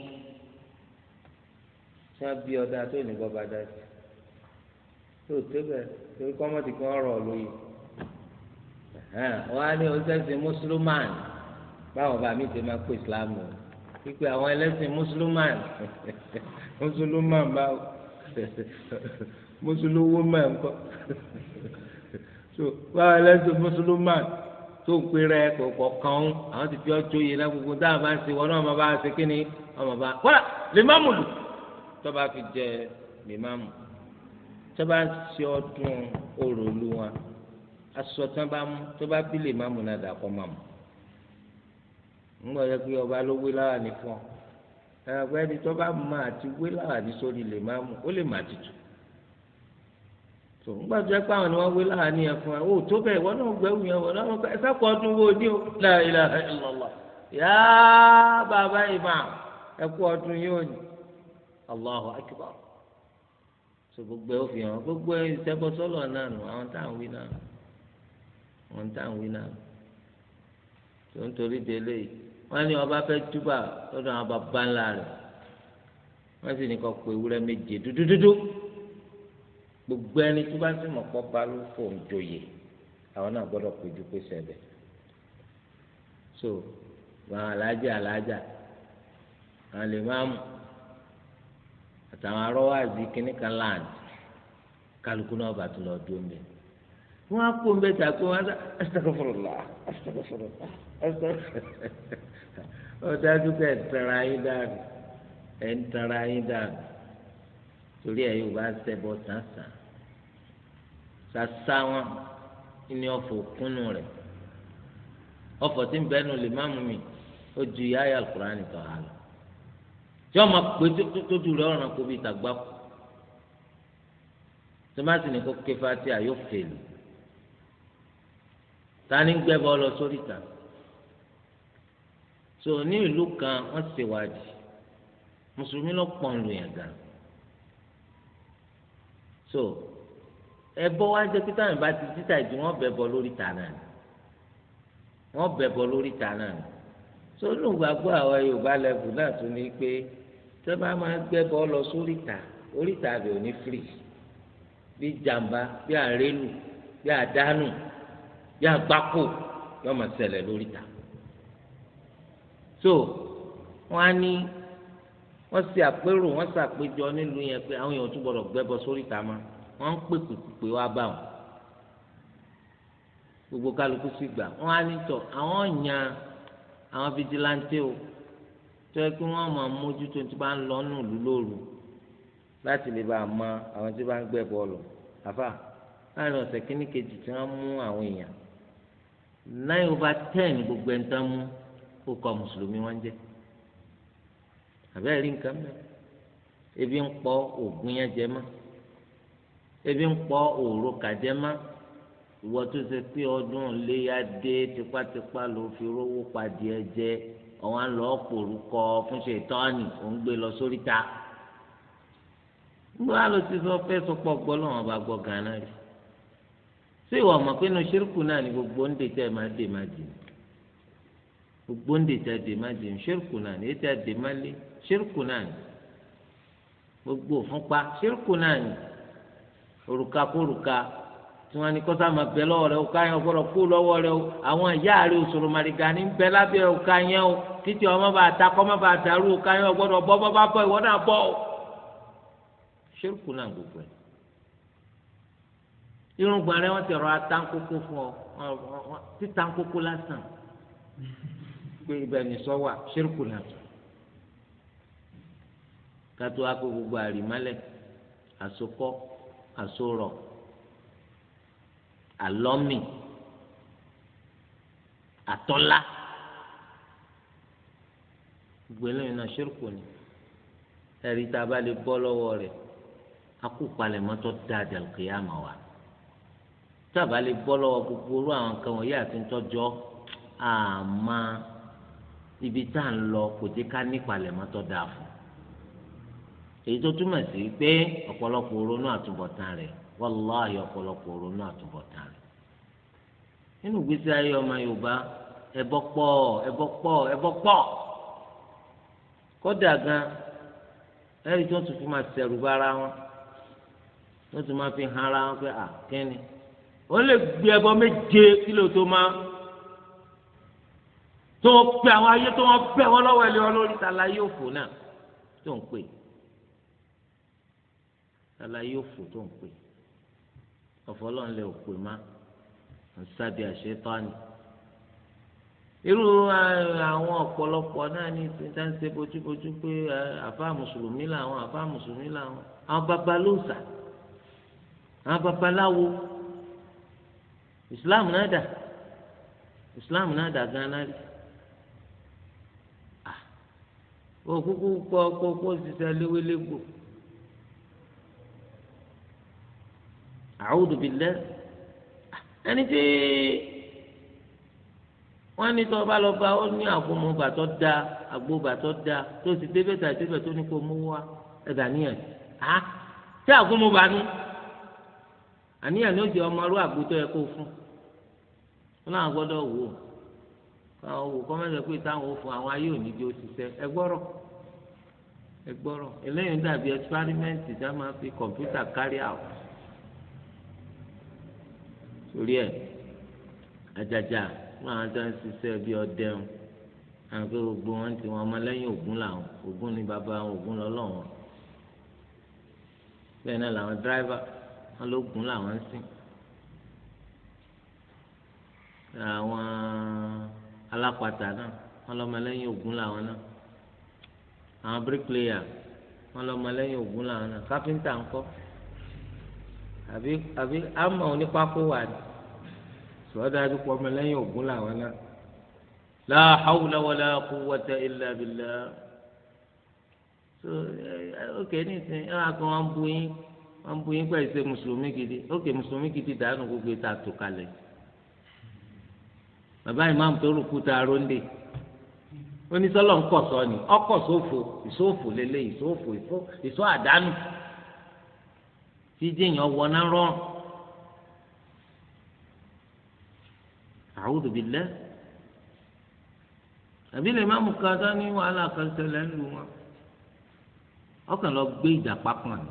tí wọ́n bí ọdá tó ní bọ́ba dá sí tó tó bẹ̀ torí kọ́mọ́tì kan rọ̀ lóye wọ́n á ní oṣooṣi mùsùlùmáà báwọn bá mi ti máa pè Islam o pípé àwọn ẹlẹ́sìn mùsùlùmáà mùsùlùmá bá mùsùlùwó máa ń so báwa lẹ́sìn mùsùlùmá tó ń pèrè kọ̀ọ̀kọ̀ kan ń àwọn ti fi ọjọ́ yìí náà gbogbo dáhà bá ṣe wọn náà máa bá ṣe kí ni wọn máa bá wọ́n lè má mú lù tọ́ba fi jẹ lè má mú tọ́ba ṣe ọdún orò lu wọn aṣọ tí wọn bá mú tọ́ba bí lè má mú náà dà kọ́ má mú ńgbọ́dọ̀ pé ọba ló wí láwà ní fún ọ ẹgbẹ́ ẹni tó bá mọ àti wé láwàní sórí lè má mú ó lè má tutù tó pé àwọn ni wọ́n wé láwàní yẹn fún ẹ ó tó bẹ́ẹ̀ wọ́n náà gbẹ́wù yẹn wọ́n náà ẹ sápọ̀ ọdún wo ni ó la ilaha illallah yá bàbá ẹ kú ọdún yóò ní allahu akbar tó gbogbo ẹ ó fi hàn gbogbo ẹ náà nù àwọn táwọn wí náà àwọn táwọn wọ́n ní ọba fẹ́ túbà lọ́dọ̀ àwọn bàbá ńlá rẹ̀ wọ́n sì ní kọ́ pé ewúrẹ́ méje dúdúdúdú gbogbo ẹni tó bá sì mọ̀ pọ́ bá ló fò joyè àwọn náà gbọ́dọ̀ péjú pé sẹ́bẹ̀ so àwọn alájà alájà àwọn lè máa mú àtàwọn arọ́wọ́ àti kìnnìkan land kálukú náà bàtú lọ dúró mbẹ wọn á kó mbẹ tàkó wọn á sọ asitagafọlọlá asitagafọlọlá asitagafọlọlá ó dájú pé ẹ̀ tẹ̀ra yín dànù ẹ̀ ń tẹ̀ra yín dànù torí ẹ̀ yóò bá ṣẹbọ sàǹsàn sàṣà wọn ní ọ̀fọ̀ kúnnù rẹ̀ ọ̀fọ̀ tí ń bẹ́ẹ̀ nù lè má mú mi ó ju ìyá ayé alukóra nìkan hà lọ tí ọmọ pé tójú rẹ̀ ọ̀ràn kó bí ìtàgbà kù tomati ní kó ké fati àyò fèlè tani gbẹ bọ lọ sórí ìtàn so ní ìlú kan wọ́n ṣèwádìí mùsùlùmí ló pọ̀ ń lu yẹn gan so ẹbọ wa jẹ pé táwọn ìbá ti títà ìdí wọn bẹ bọ lórí ta náà ni wọn bẹ bọ lórí ta náà ni so nínú gbàgbọ́ àwọn Yorùbá lẹ́bù náà tún ní pé tẹ́ bá máa gbẹ bọ lọ sórí ta orí ta rẹ̀ ò ní firi bí jàmbá bí àrélù bí àdánù bí àgbákò yọ̀ọ́ máa ṣẹlẹ̀ lórí ta so wọn á ní wọn ṣe àpérò wọn ṣàpéjọ nílùú yẹn pé àwọn èèyàn tún gbọ́dọ̀ gbẹbọ sórí ìta ma wọn ń pè pèpè wá bá wọn gbogbo kálukú sì gbà wọn á ní tọ àwọn yàn àwọn fìjìláńtẹ o tó yẹ kí wọn máa mójútó tí bá ń lọ nù lù lóru láti lè bá a mọ àwọn tí bá ń gbẹbọ lọ àfà láàrin ọ̀sẹ̀ kínní kejì tí wọ́n mú àwọn èèyàn nine over ten gbogbo ẹ̀ ń tán mú ó kọ mùsùlùmí wọn jẹ àbẹ́rẹ́ rí nǹkan mẹ́rin ebi ń pọ ògùn yẹn jẹ mọ́ ebi ń pọ òòrò kàjẹ́ mọ́ ìwọ tó ṣe pé ọdún léyà dé tipátipá ló fi rówó padì ẹ jẹ ọ̀wọ́n lọ pòrúkọ fún ṣètọ́ọ̀nì ò ń gbé lọ sórí ta gbọ́dọ̀ ló sọ fẹ́ sọ gbọ́ lọ́wọ́n bá gbọ́ gánà rí sí ìwọ ọmọ pé náà ni gbogbo ń dè tẹ́ ẹ máa dè máa jìnnà gbogbo ń dèjà dèmá dèmí ṣírkù náà ní ètò àdèmá lé ṣírkù náà ní gbogbo òfúnpa ṣírkù náà ní òrùka kórùka tí wọn ní kọsá máa bẹ lọ́wọ́ rẹ òka yẹn gbọ́dọ̀ kó lọ́wọ́ rẹ o àwọn ìyá rẹ òṣòro màrìgà ní bẹ lábẹ́ òka yẹn o títí ọmọ bá ta kọ ọmọ bá dàrú òka yẹn gbọ́dọ̀ bọ bọ bá bọ ìwọ náà bọ o ṣírkù náà gbogbo ẹ irùngbọ̀n rẹ wọn ti rọ atankoko fún ọ títankoko lásán pé ibẹ̀ ni sọ wà ṣírkù náà kátó wá pé gbogbo àrímálẹ̀ àsokọ́ àsorọ̀ àlọ́mì àtọ́lá gbogbo eléyìí náà ṣírkù ni ẹ̀rí tá a bá lè bọ́ lọ́wọ́ rẹ̀ akópalẹ̀ mọ́tọ́ dáadáa kì í àmà wa tá a bá lè bọ́ lọ́wọ́ gbogbo orú àwọn kan wọ̀nyí àti ń tọ́jọ́ àmà. Ah, ibi tá à ń lọ kò jẹ́ ká nípalẹ̀ mọ́tọ́ dáa fún èyí tó túmọ̀ sí pé ọ̀pọ̀lọpọ̀ ronú àtúbọ̀tán rẹ̀ wàláhì ọ̀pọ̀lọpọ̀ ronú àtúbọ̀tán rẹ̀ nínú ìgbésí ayé ọmọ Yorùbá ẹbọ pọ̀ ẹbọ pọ̀ ẹbọ pọ̀ kódà gan ẹni tó tún fi máa ṣẹ̀rù bára wọn tó tún máa ara wọn pé à kẹ́ni ó lè gbé ẹbọ méje kí ló tó tó ń pe àwọn ayé tó wọn bẹ wọn lọ́wọ́ ẹlẹ́wọ́ lórí sàlàyé òfò náà tó ń pè sàlàyé òfò tó ń pè ọ̀fọ̀ ọlọ́run lè òpè má ń sábì àṣetọ́ni irú àwọn ọ̀pọ̀lọpọ̀ náà ní ìta ń ṣe bójúbójú pé àfa mùsùlùmí làwọn àfa mùsùlùmí làwọn àwọn babalóòsà àwọn babaláwo ìsìláàmù náà dà ìsìláàmù náà dà gan náà rí. òkúkú kọ kókó ṣiṣẹ́ léwélégbò a'udhu billah ẹni tí wọ́n ní tó bá lọ bá ó ní àgbọmọ bàtọ da àgbo bàtọ da tó sì débẹ̀ tà débẹ̀ tó ní kó mú wá ẹdà níyàn á tí àgbọmọ bá ní àníyàn ní jẹ ọmọ ọrú àgbo yẹ kó fún wọn náà gbọ́dọ̀ wò ó àwọn òwò kọ́ mẹ́sàn pé táwọn ò fún àwọn ayé òní bí ó ṣiṣẹ́ ẹ gbọ́rọ̀ ẹ gbọ́rọ̀ eléyìí dàbí ẹsipárímẹ́ǹtì tá a máa fi kọ̀mpútà kárí àwọ̀ torí ẹ̀ àjàjà wọn àwọn tó ń ṣiṣẹ́ bí ọdẹ wọn àwọn pé gbogbo wọn ti wọn ọmọlẹ́yìn Ògún làwọn Ògún ni bàbá wọn Ògún lọ́lọ́wọ́n bẹ́ẹ̀ náà làwọn dírẹ́fà wọn lóògùn làwọn ń sìn àwọn alápatà náà wọn lọ́mọlẹ́yìn Ògún làwọn náà àwọn bíríkìlẹ́yà wọn lọ́mọlẹ́yìn Ògún làwọn náà káfíńtà ńkọ́ àbí àbí àmọ́ onípákó wà ní sọ́dájú pọ̀ ọmọlẹ́yìn Ògún làwọn náà la hawla wala quwwata illa billah so eh, ok nísìnyí ẹ wá kí wọ́n bu yín wọ́n bu yín pẹ̀lú ṣe mùsùlùmí gidi ok mùsùlùmí gidi dànù gbogbo ètò àtòkalẹ̀ yìí bàbá ìmáàmù tó rúkú ta ronde onísọlọ ń kọ sọ ni ọkọ sófo ìsófo lélẹ ìsófo ìfó ìsó àdánù tí jẹyàn wọná rọrùn a'udhu billah àbí lè má mú kan tó ní wàhálà kan ṣẹlẹ̀ ń lu wọn ọkàn lọ gbé ìjà pápá ni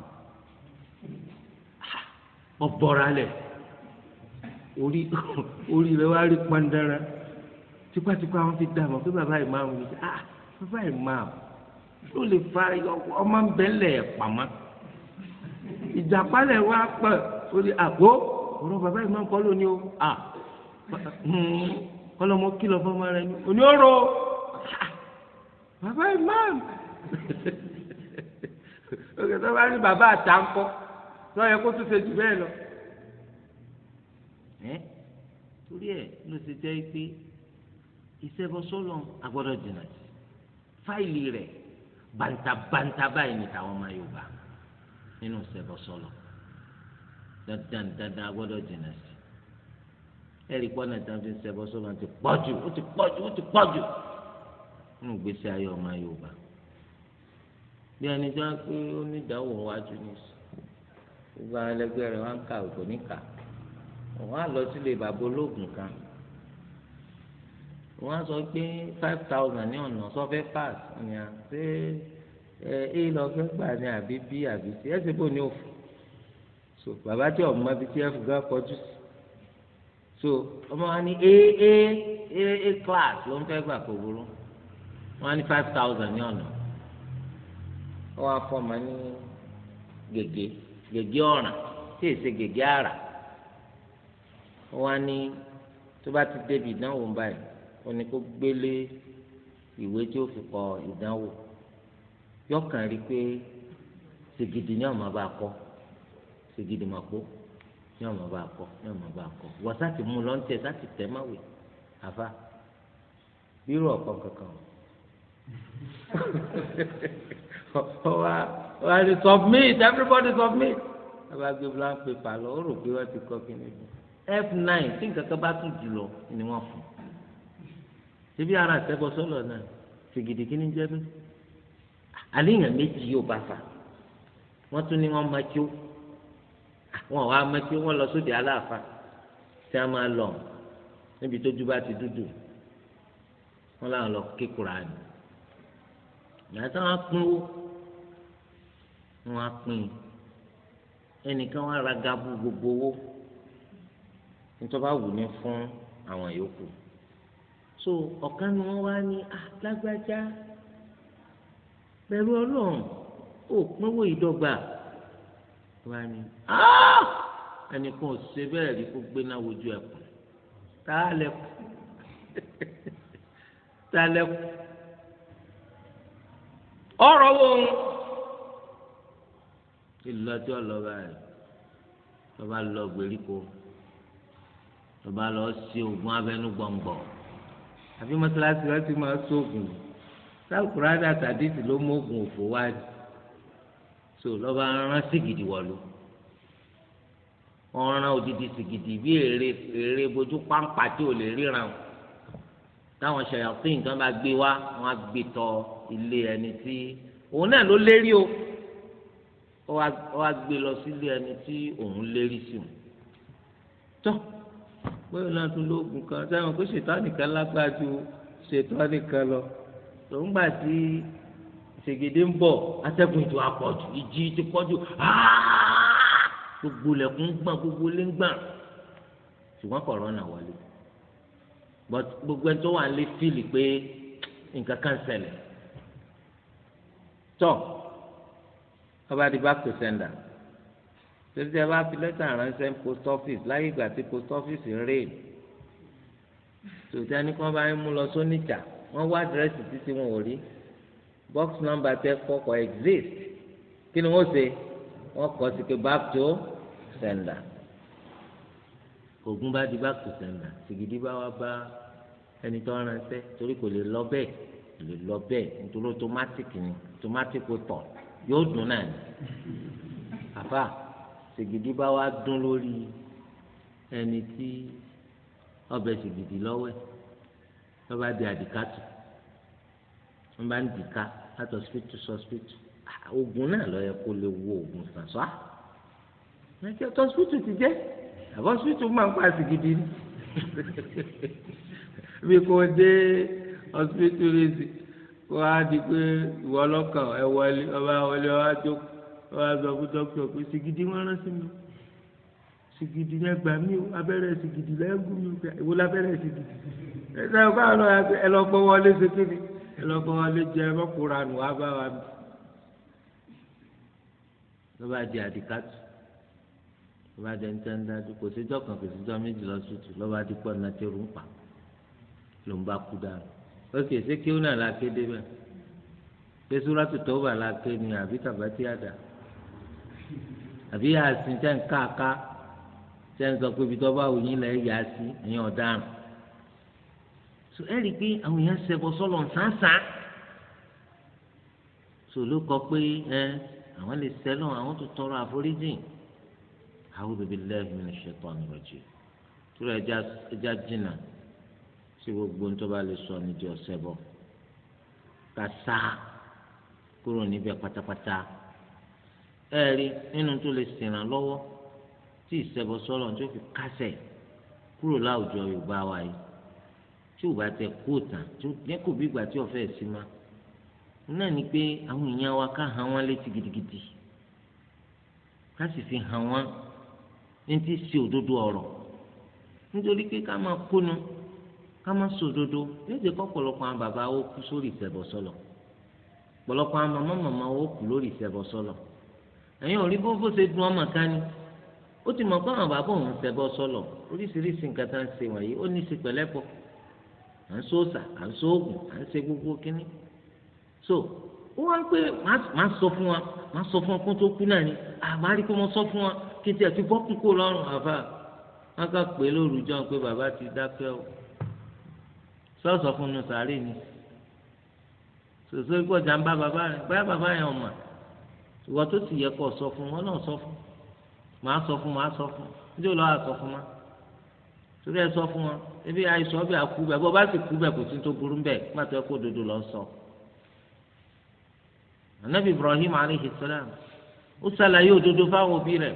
ọbọra lẹ orí orí rẹ̀ wá rí pandara tipátipá wọn fi dààmú pé bàbá ìmáàmù ni ah bàbá ìmáàmù ló lè fa ọmọ ń bẹ́lẹ̀ pàmò ìjàpá lẹ̀ wá pẹ̀ orí àgbo ọ̀rọ̀ bàbá ìmáàmù kọ́ lóní o hmm, ah kọ́lọ́mọ kìlọ̀ fọmọ rẹ ni òní ọ̀rọ̀ bàbá ìmáàmù òkè tó bá rí bàbá àtàǹkọ́ lọ́yẹ kó tún ṣe jù bẹ́ẹ̀ lọ ẹ torí ẹ ló ti jẹ́ pé ìṣẹ́bọsọ́lọ̀ agbọ́dọ̀ jìnnà sí fáìlì rẹ̀ bàǹtàbàǹtà báyìí ní tàwọn ọmọ Yorùbá nínú ìṣẹ́bọsọ́lọ̀ dandan dandan agbọ́dọ̀ jìnnà sí ẹ̀rí pọ́nà tí wọ́n fi ń ṣẹ́bọsọ́lọ̀ ti pọ̀jù ó ti pọ̀jù ó ti pọ̀jù nínú ìgbésí ayé ọmọ Yorùbá bí ẹni tí wọ́n pé ó ní ìdáwó wájú ní gbogbo àwọn ẹlẹgbẹ́ rẹ̀ wọ́n ń kà òkò níkà wọ́n á lọ sílé bàbá ológun kan wọ́n á sọ pé five thousand ní ọ̀nà sọ́fẹ́ pass ni à ṣé ẹ ẹ lọ fẹ́ gbà ní àbí bí àbí sí ẹ ṣe bò ní òfò so bàbá tí ọmọ bíi tí ẹ fi gán kọjú sí so ọmọ wa ní aa aa class ló ń fẹ́ gbà kó burú á ní five thousand ní ọ̀nà wọ́n á fọ́ ọmọ ní gègé gègé ọ̀ràn tí èsè gègé àrà wọ́n á ní tó bá ti débi ìdánwò báyìí ó ní kó gbélé ìwé tí ó fi kọ ìdánwò yọkàn rí i pé sìgìdì ni ọmọ bá kọ sìgìdì mà kó ni ọmọ bá kọ ni ọmọ bá kọ wọ́n sáti mú lọ́ńtẹ̀ sáti tẹ̀ máwèé àfa bírò ọ̀kan kankan wa wa ni submit everybody submit. a bá gbé blank paper lọ ó rò pé wọ́n ti kọ́ kí ni f nine tí nǹkan kan bá tún jù lọ ni wọ́n fún síbi ara àtẹ́gbọ́ sọ́lọ̀ náà fìgìdì kí ni jẹ́ bí àníyàn méjì yóò bá fà wọ́n tún ní wọ́n máa kí ó wọn wá máa kí ó wọ́n lọ sóde aláàfà tí a máa lọ níbi tójú bá ti dúdú wọn làwọn lọ ké Kùránì ìgbà tí wọn pín wọn á ẹnìkan wọn ra gabu gbogbo owó nítorí wàá wù mí fún àwọn yòókù so ọ̀kan ni wọ́n wá ní ah, lágbájá pẹ̀lú ọlọ́run ó pínwó ìdọ́gba wá ní ah! ẹnìkan ò ṣe bẹ́ẹ̀ rí kó gbéná wojú ẹ̀kún tá a lẹ́kùn tá a lẹ́kùn ọ̀rọ̀ wo ń ìlú ọjọ́ lọ́ba rẹ̀ lọ́ba lọ gbèríko tó bá lọ sí oògùn abẹ́nú gbọ̀ngbọ̀ àbí mọ́sálásí wọn ti máa sóògùn sáàkùrádà tàdísì ló móògùn òfò wá ní so lọ́ba rán sìgìdì wọ̀lú wọ́n rán odidi sìgìdì bí èrè èrè bojú pàǹpà tí ò lè ríran táwọn ṣàyàfín nǹkan bá gbé wá wọn á gbé tọ ilé ẹni tí òun náà ló lérí o ó wá gbé lọ sílé ẹni tí òun lérí sí òun tó. So, bóyá náà tún lóògùn kan sẹ́wọ̀n kó ṣètọ́ nìkan lágbára ju ṣètọ́ nìkan lọ tòun gbà tí ṣègede ń bọ̀ atẹ́gùn ìjọ àpọ̀jù ìjì ti pọ̀jù gbogbo lẹ̀kùn gbọ̀n gbogbo lé ń gbọ̀n ṣùgbọ́n kọ̀rọ̀nà wọlé gbogbo ẹni tó wà lé fíìlì pé nǹkan kan ṣẹlẹ̀ tọ́ ọba di back to sender torí tí a bá fi lẹ́tà ránṣẹ́ post office láyé ìgbà tí post office ń rèé tòtí ẹni kan bá ń mú lọ sóníjà wọ́n wá àdírẹ́sì títí wọn ò rí box number tẹ kọ́kọ́ exist kí ni wọ́n ṣe wọ́n kọ́ sí pé back to sender ogun bá di back to sender sìgìdì bá wá bá ẹni tó ránṣẹ́ torí kò lè lọ bẹ́ẹ̀ kò lè lọ bẹ́ẹ̀ nítorí automatic ni automatic tó yóò dùn náà ni àfáà sìgìdì bá wá dún lórí ẹni tí ọbẹ̀ sìgìdì lọ́wọ́ ẹ̀ lọ́ba di àdìkátù wọ́n bá ń dìka láti ọ̀sìpìtì sọ̀sìpìtì oògùn náà lọ yẹ kó lè wo oògùn sàn sọ́à ẹ̀jẹ̀ tọ́sìpìtì ti jẹ́ àbọ̀sìpìtì máa ń pa sìgìdì ni bí kò dé ọ̀sìpìtì rẹ̀ sí kó a di pé ìwọ ọlọ́kàn ẹ wọlé ọba wọlé ọba jókòó wọ́n á sọ fún dókítà pé sìgìdì wọn rán sí mi sìgìdì yẹn gbà mí o abẹ́rẹ́ sìgìdì lẹ́gùn mi ìwọ lábẹ́rẹ́ sìgìdì ẹ sọ fún àwọn ẹ lọ gbọ́ wọlé ṣe kéde ẹ lọ gbọ́ wọlé jẹ ẹ mọ́kùnrin àná wàá bá wa mi lọ́ba di àdìkátù lọ́ba di ẹ̀ńtẹ́ńdájú kò síjọ́ kan kò síjọ́ méjì lọ́sùtù lọ́ba di pọ̀ náà tẹ̀rù ń pa ló ń bá kú dànù ókè ṣé kí ó náà la ké débẹ̀ pé súrátù tó bà la ké ni àbí tàbátì àdá àbí yàsìn tẹ́ ń káàká tẹ́ ń sọ pé ibi tó bá wù yín lẹ̀ yà ẹ̀yin ọ̀daràn so ẹ rí i pé àwọn èèyàn ṣẹbọ sọlọ sáńsán so ló kọ pé ẹ àwọn lè sẹlọ àwọn tó tọrọ àforíjìn a'udhu billahi minash shaitani rajim tó rẹ ẹja jìnnà sí gbogbo ń tó bá lè sọ nídìí ọ̀sẹ̀ bọ̀ ká kúrò níbẹ̀ pátápátá. ẹ̀rí nínú tó lè ṣèrànlọ́wọ́ tí ìṣẹ́bọ sọ́lọ̀ tó fi kásẹ̀ kúrò láwùjọ Yorùbá wa yìí tí ò bá tẹ kó tàn tó dẹ́kun bí ìgbà tí ọ̀fẹ́ sí ma náà ni pé àwọn èèyàn wa ká hàn wọ́n létí gidigidi ká sì fi hàn wọ́n ní ti ṣe òdodo ọ̀rọ̀ nítorí pé ká máa kónu ká máa òdodo àwọn bàbá kú sórí àwọn ẹ̀yin ò rí bó bó ṣe dun ọmọ kan ni ó ti mọ̀ pé àwọn bàbá òun ṣẹbọ sọlọ oríṣiríṣi nǹkan tá à ń ṣe wọ̀nyí ó ní í ṣe pẹ̀lẹ́pọ à ń sóòṣà à ń sóògùn à ń ṣe gbogbo kínní so ó wá pé màá sọ fún wa màá sọ fún wa kó tó kú náà ni àmà rí pé mo sọ fún wa kí n tiẹ̀ ti bọ́ kúkú lọ́rùn àfà wọn kà pé lóru pé bàbá ti dákẹ́ o sọ́ọ̀sọ̀ fún un sàárè ni sòsò ìkọjà ń bá bàbá rẹ̀ bá bàbá yẹn ọ̀ ìwọ tó sì yẹ kó sọ fún wọn náà sọ fún màá sọ fún màá sọ fún ní tí ó lọ́wọ́ àsọ fún ma torí ẹ sọ fún wọn ebi àìsàn ọbẹ̀ àkú bẹ̀ bọ́ bá sì kú bẹ̀ kò sí tó burú bẹ̀ má tó ẹ kó dodo lọ sọ. anabi ibrahim aleyhi salam ó ṣàlàyé òdodo fáwọn òbí rẹ̀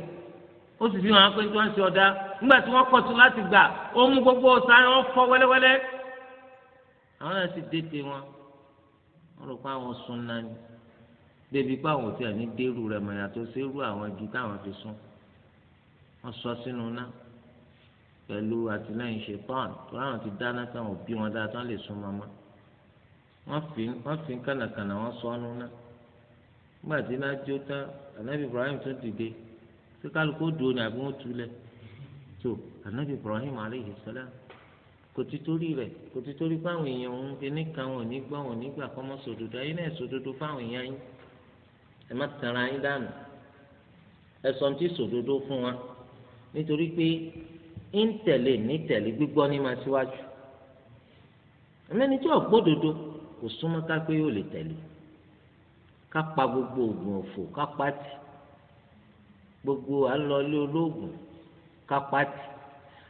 ó sì fi hàn pé tí wọ́n ń ṣe ọ̀dà nígbà tí wọ́n kọ̀tún láti gbà ohun gbogbo ọ̀sán wọn fọ́ wẹ́lẹ́wẹ́lẹ́ àwọn náà sì dé tè wọn wọ́n rò pé àwọn sun náà ni débi pé àwọn òtí ẹni dérú rẹ̀ mọ̀ yàtọ̀ sí irú àwọn igi táwọn fi sún wọ́n sọ sínú náà pẹ̀lú àtìlẹ́yìn ṣetán tó láwọn ti dáná táwọn òbí wọn dáa tán lè sún mọ́mọ́ wọ́n fi kànàkànà wọn sọnù náà nígbà tí iná jó tán anabi ibrahim tún dìde sí kálukú dùn ní àbí wọ́n túlẹ̀ tó anabi ibrahim aleyhi salam kò ti torí rẹ̀ kò ti torí fáwọn èèyàn òun kíní kan wọn ò ní gbọ́ wọn ò ní gbà kọ́mọ́ sòdodo ayé náà sòdodo fáwọn èèyàn yín ẹ má tẹ̀ra yín dànù ẹ sọ ní ti sòdodo fún wa nítorí pé ń tẹ̀lé ní tẹ̀lé gbígbọ́ ní máa síwájú ẹlẹ́ni tí ọ̀gbọ́dodo kò súnmọ́ ká pé yóò lè tẹ̀lé ká pa gbogbo oògùn òfò ká pàtì gbogbo alọ́lé olóògùn ká pàtì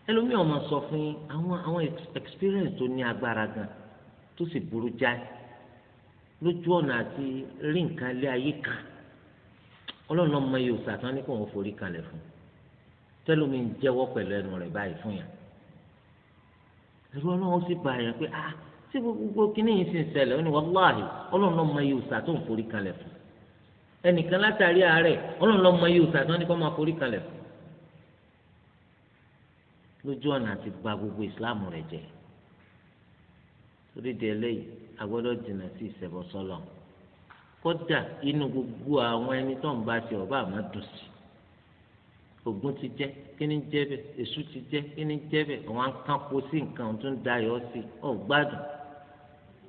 ẹlòmíràn máa sọ fún yín àwọn àwọn experience tó ní agbára gan tó sì burú jáì lójú ọ̀nà àti rí nǹkan lé ayé kan ọlọ́run ọmọ yìí òsà tán ní kò wọ́n forí kalẹ̀ fún tẹ́lómi ń jẹ́wọ́ pẹ̀lú ẹnu rẹ̀ báyìí fún yàn ẹ̀rọ ọlọ́run sì bá yàn pé ah tí gbogbo kínní yìí sì ń ṣẹlẹ̀ ó ní wàláhì ọlọ́run ọmọ yìí òsà tó ń forí kalẹ̀ fún ẹnìkan látàrí àárẹ̀ ọlọ́run ọmọ yìí òsà tán ní kò máa forí kalẹ̀ fún lójú ọ̀nà àti bà gbogbo ìsìláàmù rẹ̀ jẹ́ torí di eléyìí a gbọ́dọ̀ jìnnà sí ìṣẹbọ sọlọ kódà inú gbogbo àwọn ẹni tó ń bá ṣe ọba àmọ́ dùn sí ogun ti jẹ kíni jẹ bẹ èṣù ti jẹ kíni jẹ bẹ àwọn akápò sí nǹkan tó ń dayọ sí ọ gbádùn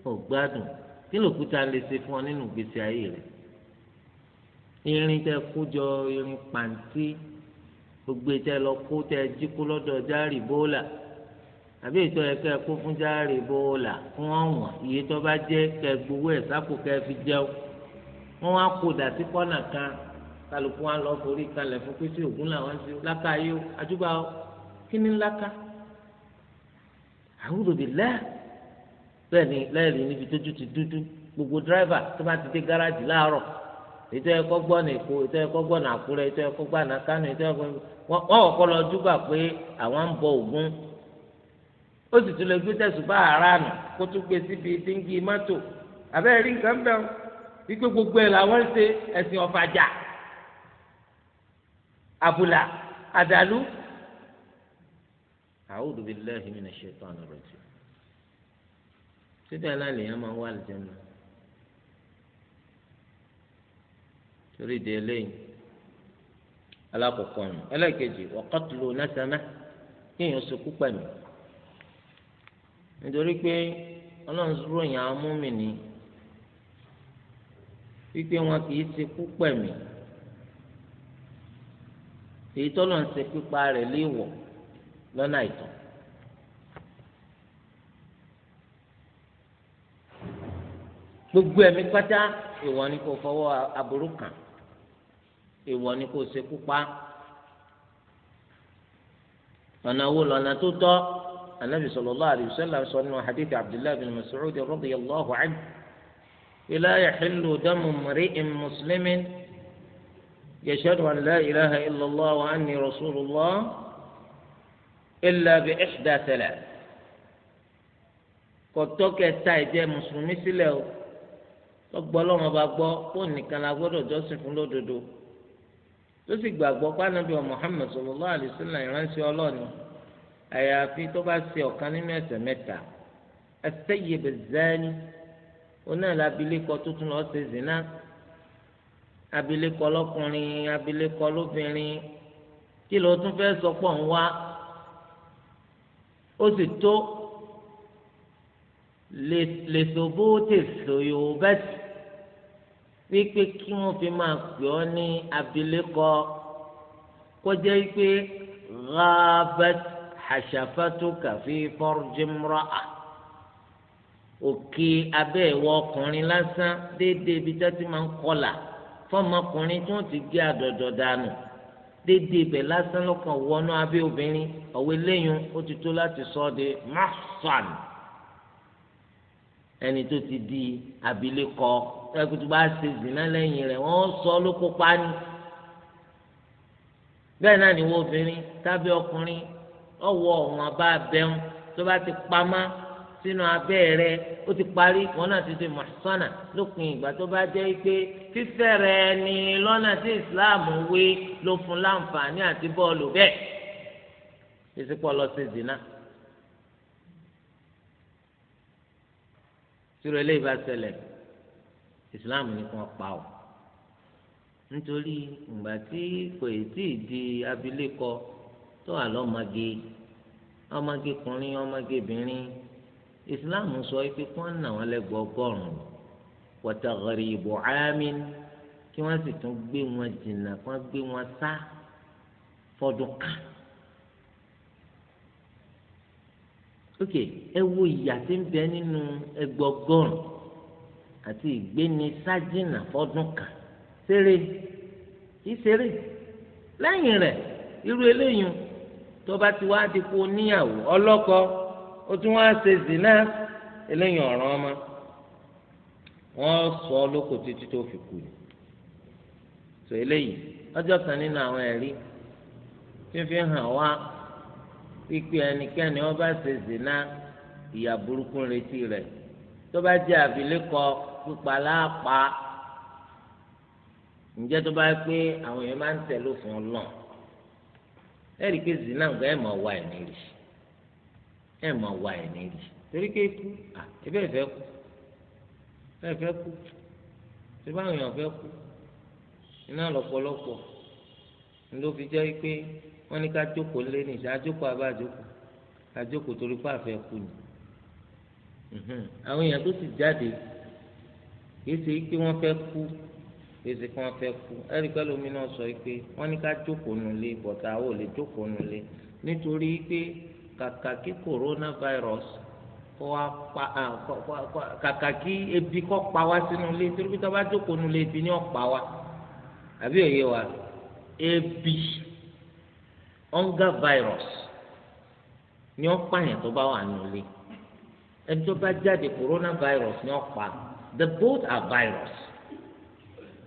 ọ gbádùn kí lòkúta lè ṣe fún ọ nínú ìgbésí ayé rẹ irin tẹ kójọ irin pàǹtí gbogbo tẹ lọ kó tẹ jí kó lọ́dọ̀ járí bóòlà àbí ètò ẹ̀kẹ́ kó fún járe bóòlà fún ọ̀wọ̀n iye tó bá jẹ́ kẹ́ gbowó ẹ̀ sápò kẹ́ fi jẹun wọ́n wá kó dà sí kọ́nà kan kálukú wa lọ forí kalẹ̀ fún pé sí ògún làwọn ń sí láka yìí ó àdúgbà ó kí ni láka àwùjọ bíi lẹ́ẹ̀ bẹ́ẹ̀ ni lẹ́ẹ̀rí níbi tójú ti dúdú gbogbo dírẹ́fà tó bá ti dé gáràjì láàárọ̀ ètò ẹ̀kọ́ gbọ́nà èkó ètò ẹ̀kọ́ gbọ́nà àkúrẹ́ ètò ẹ̀kọ́ gbọ́nà kánò ètò ẹ̀kọ́ wọ́n kọ́ lọ dúgbà pé àwọn ń bọ ògún ó sì tún lè gbé tẹ̀sùbá àràánù kó tún gbé síbi díngì mọ́tò àbẹ́rẹ́ rí nǹkan bẹ́ẹ̀ wípé gbogbo ẹ̀ làwọn ń ṣe ẹ̀sìn ọ̀fàjà àbùlà àdàlú. A'udhu billahi minash shaitani rajim. síbẹ̀ aláàlẹ́ yẹn máa ń wá àlùjànnà torí ìdí eléyìí alákọ̀ọ́kọ́ ni ẹlẹ́ẹ̀kejì wa qatlu nasama kéèyàn ṣekú pẹ̀lú. nítorí pé ọlọ́run ròyìn àwọn múmìnì wípé wọn kì í ti kú pẹ̀mí èyí tọ́lọ̀ ń ṣe pípa rẹ̀ léèwọ̀ lọ́nà àìtọ́. gbogbo ẹ̀mí pátá ìwọ ni kò fọwọ́ aburú kàn ìwọ ni kò pa ọ̀nà wo lọ́nà tó النبي صلى الله عليه وسلم صلى حديث عبد الله بن مسعود رضي الله عنه لا يحل دم امرئ مسلم يشهد أن لا إله إلا الله وأني رسول الله إلا بإحدى ثلاث kọtọkẹ ta ìjẹ mùsùlùmí sílẹ̀ o tọgbọ lọrùn bá gbọ́ kó nìkan la gbọ́dọ̀ jọ́sìn fún lódodo tó sì gbàgbọ́ pé Ànábì Muhammad sallallahu alaihi wasallam ìránṣẹ́ Ọlọ́run àyàfi tó bá ṣe ọ̀kan nínú ẹ̀ṣẹ̀ mẹ́ta ẹsẹ̀ yìí bẹ̀ zẹ́ni onáà lábílẹ̀kọ tuntun lọ́ọ́ ṣe zina abilékọ lọkùnrin abilékọ lóbìnrin kí ló tún fẹ́ sọ pọ̀ ń wá ó sì tó lè sobó tèso yorùbá sí wípé kí wọ́n fi máa pè ọ́ ní abilékọ kó jẹ́ wípé rábẹ́tì. حشفتك في فرج امرأة òkè abẹ́ ìwọ ọkùnrin lásán déédéé ibi tó ti máa ń kọlà fọmọkùnrin tí wọ́n ti gé àdọ̀dọ̀ dànù déédéé ibẹ̀ lásán lọ́kàn wọnú abẹ́ obìnrin ọ̀wé lẹ́yìn ó ti tó láti sọ ọ́ di mahsan ẹni tó ti di abilékọ ẹkùtù bá ṣe zìnnà lẹ́yìn rẹ̀ wọ́n sọ ló kópa ni bẹ́ẹ̀ náà ni wọ́n obìnrin tábí ọkùnrin ọwọ́ wọn bá bẹ́ẹ̀ tó bá ti pamá sínú abẹ́ rẹ ó ti parí wọn náà ti di mọ̀sánà lópin ìgbà tó bá jẹ́ pé fífẹ́ rẹ ni lọ́nà tí islam wé ló fún láǹfààní àti bọ́ọ̀lù bẹ́ẹ̀ ìsìnkú ọlọ́sẹ̀ zina. tírò eléyìí bá ṣẹlẹ̀ islam ni kí wọ́n pa ọ́ nítorí ìgbà tí kò tí ì di abilékọ tó wà lọ́mọge ọmọge kùnrin ọmọge bìnrin islam sọ pé kí wọ́n nà wọ́n lẹ́gbọ̀ọ́ ọgọ́rùn-ún ìbò áámi kí wọ́n sì tún gbé wọn jìnnà kí wọ́n gbé wọn sá fọdún ká. ok ẹ bẹ nínú ẹgbọgọrùn àti ìgbéni sájìnà fọdún kan ṣeré ṣeré irú tó bá ti wá di kó níyàwó ọlọ́kọ ó tún wá ṣe zina eléyìí ọ̀ràn ọmọ wọ́n sọ lóko títí tó fi kú ni tó eléyìí ọjọ́ kan nínú àwọn ẹ̀rí tí fi hàn wá pípé ẹnikẹ́ni wọ́n bá ṣe zina ìyà burúkú retí rẹ̀ tó bá jẹ́ àbílẹ́kọ pípa láàpá ǹjẹ́ tó bá pé àwọn èèyàn máa ń tẹ̀ lófin ọlọ́run ẹ̀rí pé zina nǹkan ẹ̀ máa wá ẹ̀ ní rí ẹ̀ máa wá ẹ̀ ní rí torí pé ikú ẹ̀bẹ̀ ẹ̀fẹ́ kú ẹ̀fẹ́ kú ṣé báwọn èèyàn fẹ́ kú iná lọ́pọ̀lọpọ̀ ló fi jẹ́ pé wọ́n ní ká jókòó lé ní ìṣá jókòó abájókòó ká jókòó torí pé àfẹ́ kú ni àwọn èèyàn tó sì jáde kì í ṣe pé wọ́n fẹ́ kú èsì kí wọ́n fẹ́ kú ẹ̀rí pẹ́ lómi náà sọ pé wọ́n ní ká jókòó nulẹ̀ bọ̀tà àwọn ò lè jókòó nulẹ̀ nítorí pé kàkà kí coronavirus kó wa pa kàkà kí ebi kó pa wá sínú ilé torí pé tó bá jókòó nulẹ̀ ebi ni ó pa wá àbí òye wa ebi hunger virus ni ó pààyàn tó bá wà nulẹ̀ ẹni tó bá jáde coronavirus ni ó pa the both are virus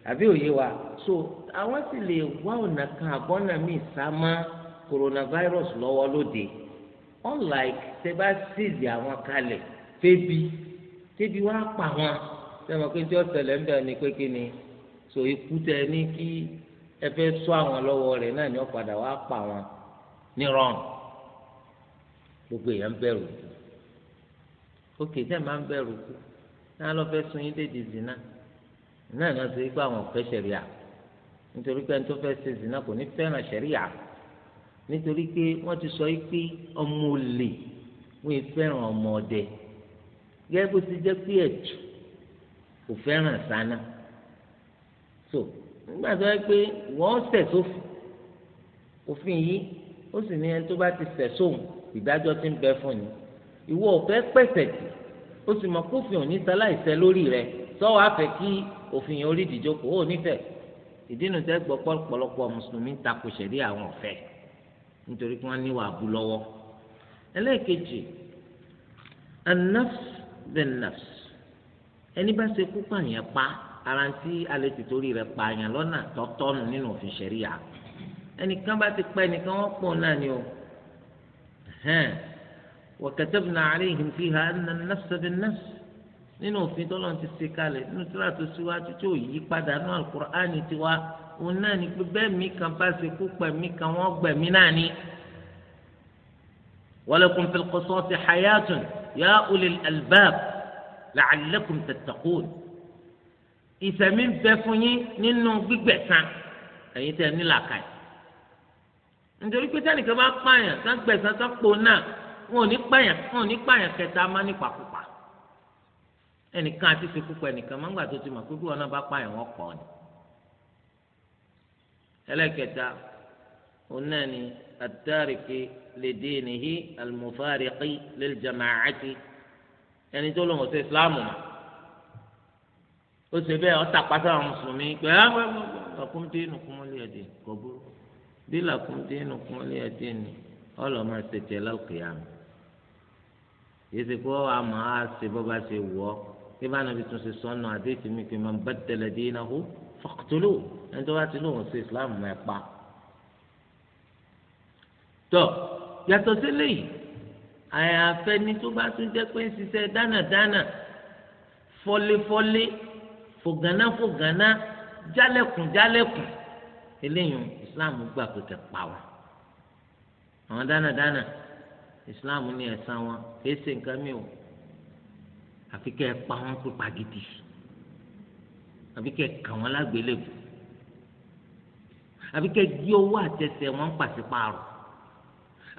àbí òye wa so àwọn sì lè wá ọ̀nà kan àbọ̀nà míì sá mọ́ coronavirus lọ́wọ́ lóde unlike tẹ bá ṣèṣì àwọn kalẹ̀ fébi fébi wá pa wọn sẹ́wọ̀n pé tí ọ̀sẹ̀lẹ̀ ń bẹ̀rẹ̀ ni pé kí ni so ikú tẹ ní kí ẹ fẹ́ sọ àwọn lọ́wọ́ rẹ̀ náà ni ó padà wá pa wọn ní rọ́ọ̀n gbogbo èèyàn bẹ̀rù òkè tẹ̀ máa ń bẹ̀rù kú náà lọ́ fẹ́ sun yín dé dìzì náà lọ sí pé àwọn fẹ́ ṣẹ̀ríà nítorí pé ẹni tó fẹ́ ṣe zina kò ní fẹ́ràn ṣẹ̀ríà nítorí pé wọ́n ti sọ pé ọmọ olè wọ́n fẹ́ràn ọmọ ọdẹ gẹ́gẹ́ bó ti jẹ́ pé ẹ̀tù kò fẹ́ràn sáná so nígbà tó yẹ pé wọ́n ṣẹ̀ sófin òfin yìí ó sì ní ẹni tó bá ti ṣẹ̀ sóhun ìdájọ́ ti ń bẹ fún ni ìwọ ò pẹ̀sẹ̀ tì ó sì mọ̀ kófin ò sáláìsẹ lórí rẹ̀ tọ́wọ́ àfẹ́ kí òfin yẹn orí ìdíjókòó ó nífẹ̀ẹ́ ìdínú tẹ́ gbọ́ pọ̀lọpọ̀ mùsùlùmí takò ṣẹ̀rí àwọn ọ̀fẹ́ nítorí pé wọ́n níwà abú lọ́wọ́ ẹlẹ́ẹ̀kejì an-nafs bin-nafs ẹni bá ṣe kú pààyàn pa ara ti alẹ́ ti torí rẹ̀ pààyàn lọ́nà tọ́tọ́nù nínú òfin ṣẹ̀ríyà ẹnìkan bá ti pa ẹnìkan wọ́n pọ̀ náà ni o wa katabna alayhim fiha anna an-nafsa bin-nafs nínú òfin tọ́lọ́n ti ṣe kalẹ̀ nínú tíra tó síwájú tí ò yí padà nínú alukur'ani tiwa òun náà ni pé bẹ́ẹ̀ mi kan bá ṣe kú pẹ̀mí kan wọ́n gbẹ̀mí náà ni. walakum fil qisasi hayatun ya ulil albab la'allakum tattaqun. ìsẹ̀mí bẹ fún yín nínú gbígbẹ̀san ẹ̀yin tẹ̀ ní làkàì. nítorí pé tẹ́nìkan bá pààyàn tán gbẹ̀san tán pò náà wọn ò ní pààyàn wọn ò ní pààyàn kẹta má ní pàkó ẹnìkan àti fi kúpa ẹnìkan máa ń gbà tó ti mọ̀ pé bí wọn náà bá pààyàn wọn pọ̀ ni. ẹlẹ́kẹta òun náà ni àtàríkì lè dé nìyí àlùmọ́fàríkì lè jàmáàtì ẹni tó lòun ọ̀sẹ̀ ìsìláàmù mọ̀ ó ṣe bẹ́ẹ̀ ọ́ tàpá sáwọn mùsùlùmí pé ọkùnrin tí inú kún lé ẹ̀dẹ̀ kò burú bí yìí ṣe kó àmọ́ á ṣe ṣe wọ̀ síbá nàbí tún ṣe sọ́nà àdéhùn mi pé man baddala dinahu faqtulu ẹni tó bá ti lóun ṣe islam mọ́ ẹ pa. tọ́ yàtọ̀ sílẹ̀ yìí àyàfẹ́ ni tó bá tún jẹ́ pé ń ṣiṣẹ́ dánadáná fọ́léfọ́lé fògánáfògáná jálẹ̀kùnjálẹ̀kùn eléyìí islam gbà pé kẹ́ pa wọn àwọn dánadáná islam ní ẹ̀san wọn kì í ṣe nǹkan mìíràn àfi kẹ́ ẹ pa wọn kó pa gidi àfi kẹ́ ẹ kàn wọ́n lágbélébùú àfi kẹ́ ẹ gé owó àtẹsẹ̀ wọn ń pàṣípààrọ̀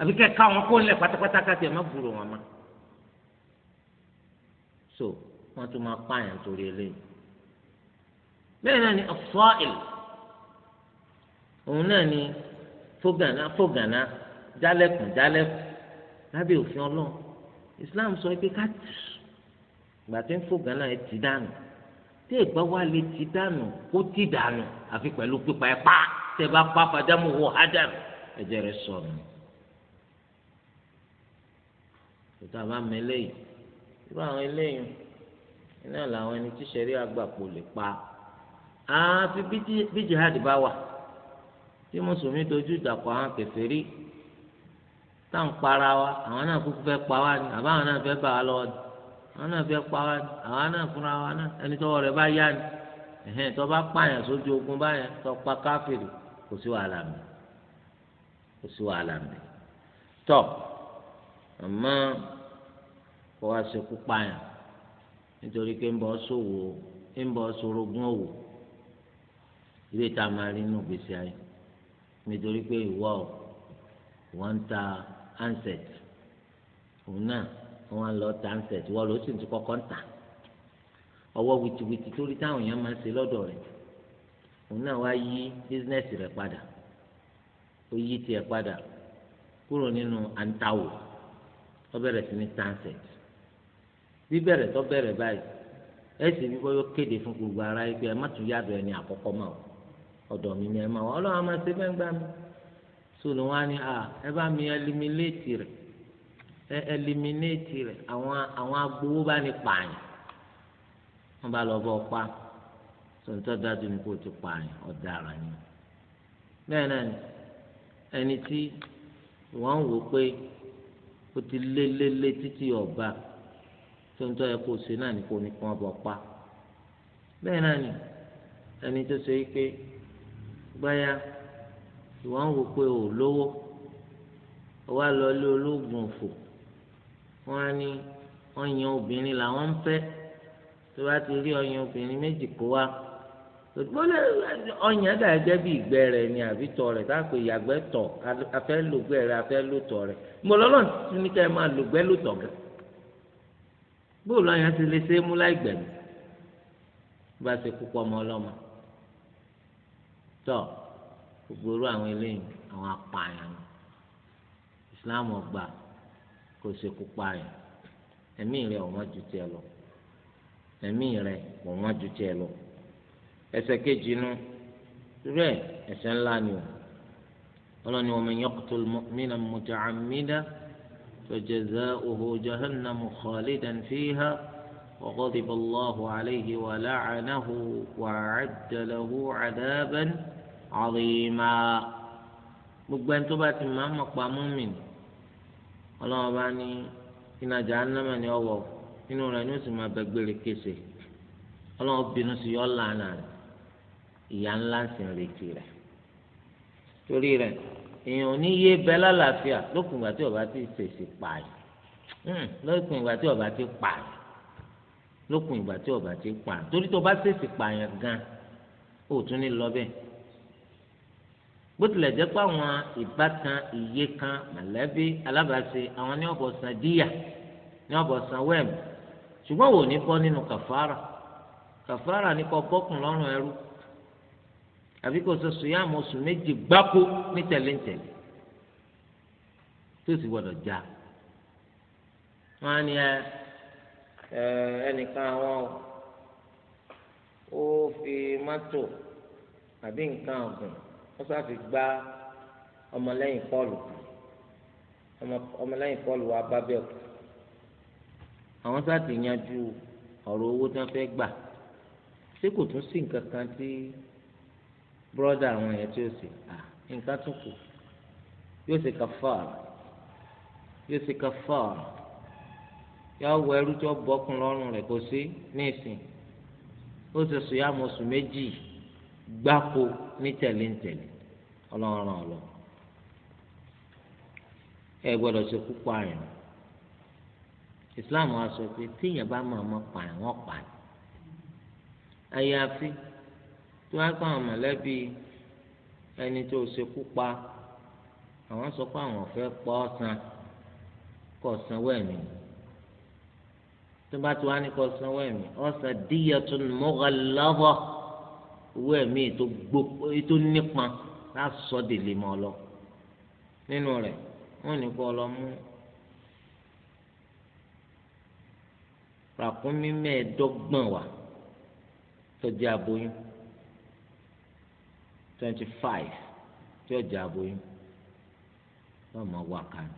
àfi kẹ́ ẹ ká wọn kó lẹ̀ pátápátá káfíà má gbúrò wọn mọ́ so wọ́n tún máa pààyàn torí eléyìí bẹ́ẹ̀ náà ni ọ̀fọ́ìl òun náà ni fógànà fógànà jálẹ̀kùn jálẹ̀kùn lábẹ́ òfin ọlọ́run Islam sọ pé ká tì í ìgbà tí ń fò gánà ẹ ti dànù tí ìgbà wa lè ti dànù kó ti dànù àfi pẹ̀lú pípa ẹ pa tẹ bá pa fàdámù wọ ádámù ẹ̀jẹ̀ rẹ̀ sọnù. tòtò àbá mi eléyìí irú àwọn eléyìí iná làwọn ẹni tí sẹ́rí àgbàpọ̀ lè pa àfi bí jihad bá wà tí mùsùlùmí dojú ìdàpọ̀ àwọn kèfèrí táwọn para wa àwọn náà kúkú fẹ́ pa wá ni àbáwọn náà fẹ́ bá wa lọ́wọ́ ni àwọn náà fẹ́ pa wá ní àwọn náà fúnra wa náà ẹni tọ́wọ́ rẹ̀ bá yá ni ẹ̀hẹ́n tó bá pààyàn sójú ogun báyẹn tó pa káfíìrì kò sí wàhálà mi kò sí wàhálà mi tọ àmọ́ kó wá ṣekú pààyàn nítorí pé ń bọ́ sòwò ń bọ́ sorogún òwò ilé tá máa rí inú gbèsè ayé nítorí pé ìwọ ò wọ́n ń ta handset òun náà wọn lọ tà ń sẹ̀ tí wọ́n lọ sí ti kọ́kọ́ ń tà ọwọ́ wìtìwìtì torí táwọn èèyàn máa ń ṣe lọ́dọ̀ rẹ̀ òun náà wá yí bísínẹ́sì rẹ̀ padà ó yí tiẹ̀ padà kúrò nínú àǹtawò ó bẹ̀rẹ̀ sí ní tàǹsẹ̀t bíbẹ̀rẹ̀ tó bẹ̀rẹ̀ báyìí ẹ̀sìn bí wọ́n kéde fún gbogbo ara yìí pé ẹ má tún yàdọ̀ ẹni àkọ́kọ́ mọ́ ọ̀dọ̀ mi ni ẹ máa wọ́n ọlọ́run á máa ṣe bẹ́ẹ̀ gbá mi sóòlù wọn á ní ẹ bá mi ẹlimíléètì rẹ̀ eliminate rẹ̀ àwọn àwọn agbowó bá ní pààyàn wọ́n bá lọ bọ́ pa sọ̀tọ́ dájú ni kò ti pààyàn ọ̀daràn ni bẹ́ẹ̀ náà ni ẹni tí wọ́n ń wò pé ó ti lé lé lé títí ọba sọ̀tọ́ yẹ kó ṣe náà ni kò ní kí wọ́n bọ́ pa bẹ́ẹ̀ náà ni ẹni tó ṣe pé gbáyà wọ́n ń wò pé ò lówó ó wá lọ lé olóògùn òfò wọn á ní ọyàn obìnrin làwọn ń fẹ́ tó bá ti rí ọyàn obìnrin méjì kó wa gbọ́dọ̀ ọyàn dà jẹ́ bí ìgbẹ́ rẹ̀ ni àbí tọ̀ rẹ̀ táàpẹ̀ ìyàgbẹ́ tọ̀ afẹ́ lògbẹ́ rẹ̀ afẹ́ lòtọ̀ rẹ̀ mo lọ́lọ́run tún ní ká ẹ máa lògbẹ́ lòtọ̀ gan bóòlù ọyàn ti lè ṣe é mú láì gbẹ̀mí bá ṣe kú ọmọ ọlọ́mọ tọ́ gbogbo irú àwọn eléyìí àwọn apààyàn Islam ọgbà kó o ṣekú pààyàn ẹ̀mí rẹ̀ ọ̀wọ́n ju tiẹ̀ lọ ẹ̀mí rẹ̀ ọ̀wọ́n ju tiẹ̀ lọ ẹsẹ̀ kejì inú rẹ̀ ẹ̀ṣẹ̀ ńlá ni o ọlọ́ni wa man yaqtul mu'mina muta'ammidan fajaza'uhu jahannamu khalidan fiha وغضب الله عليه ولعنه وأعد له عذابا عظيما gbogbo ẹni tó bá ti ọlọ́wọ́n bá ní iná jahannama ni ọwọ́ inú rẹ̀ ni ó sì máa bẹ gbére kése ọlọ́wọ́n bínú sí yọ́ lánà rẹ̀ ìyá ńlá ń sìn retí rẹ̀ torí rẹ̀ èèyàn ò ní yé bẹ lálàáfíà lókùn ìgbà tí ọba ti fèsì pààyàn hmm, lókùn ìgbà tí ọba ti pààyàn lókùn ìgbà tí ọba ti pààyàn torí tó bá fèsì pààyàn gan-an ó tún ní lọ bẹ́ẹ̀ bó tilẹ̀ jẹ́ pé àwọn ìbátan iye kan mọ̀lẹ́bí alábàáṣe àwọn ní ọ̀bọ̀ san díyà ní ọ̀bọ̀ san wẹ́ẹ̀mù ṣùgbọ́n wò ní kọ́ nínú kàfàrà kàfàrà ní kọ́ bọ́kùn lọ́rùn ẹrú àbí kò sọ sùyàmù oṣù méjì gbáko ní tẹ̀léńtẹ̀lé tó sì gbọdọ̀ já wọn á ní ẹ ẹnìkan àwọn ó fi mọ́tò àbí nǹkan ọ̀gùn wọ́n sáfi gba ọmọlẹ́yìn pọ́ọ̀lù ọmọlẹ́yìn pọ́ọ̀lù wa bá bẹ́ẹ̀ kú àwọn sáàtì yanjú ọ̀rọ̀ owó tí wọ́n fẹ́ gbà ṣé kò tún sí nǹkan kan tí bọ́dà àwọn yẹn tí ó sì à nǹkan tún kù yóò ṣe kàfàrà yóò ṣe kàfàrà yóò wọ ẹrú tí wọ́n bọ́kùn lọ́rùn rẹ̀ kò sí ní ìsìn ó ṣe sùn yá mọ̀ sùn méjì gbáko ní tẹ̀léńtẹ̀lé ọlọ́run ràn ọ́ lọ ẹ gbọ́dọ̀ ṣe kú pààyàn islam wa sọ pé tíyẹn bá máa mọ pààyàn wọn pààyàn àyàfi tí wọ́n á pa àwọn mọ̀lẹ́bí ẹni tó ṣekú pa àwọn sọ pé àwọn fẹ́ pọ́ san kọ́ sanwó ẹ̀mí tó bá ti wá ní kọ́ sanwó ẹ̀mí ọ̀sán díyàtun mughalladha owó ẹ̀mí tó nípọn lásọ délé mọ lọ nínú rẹ̀ wọ́n ní kó lọ mú ràkúnmí mẹ́ẹ̀ẹ́dọ́gbọ̀n wá tó aboyún twenty five tí ó jẹ́ aboyún wọ́n mọ wá kan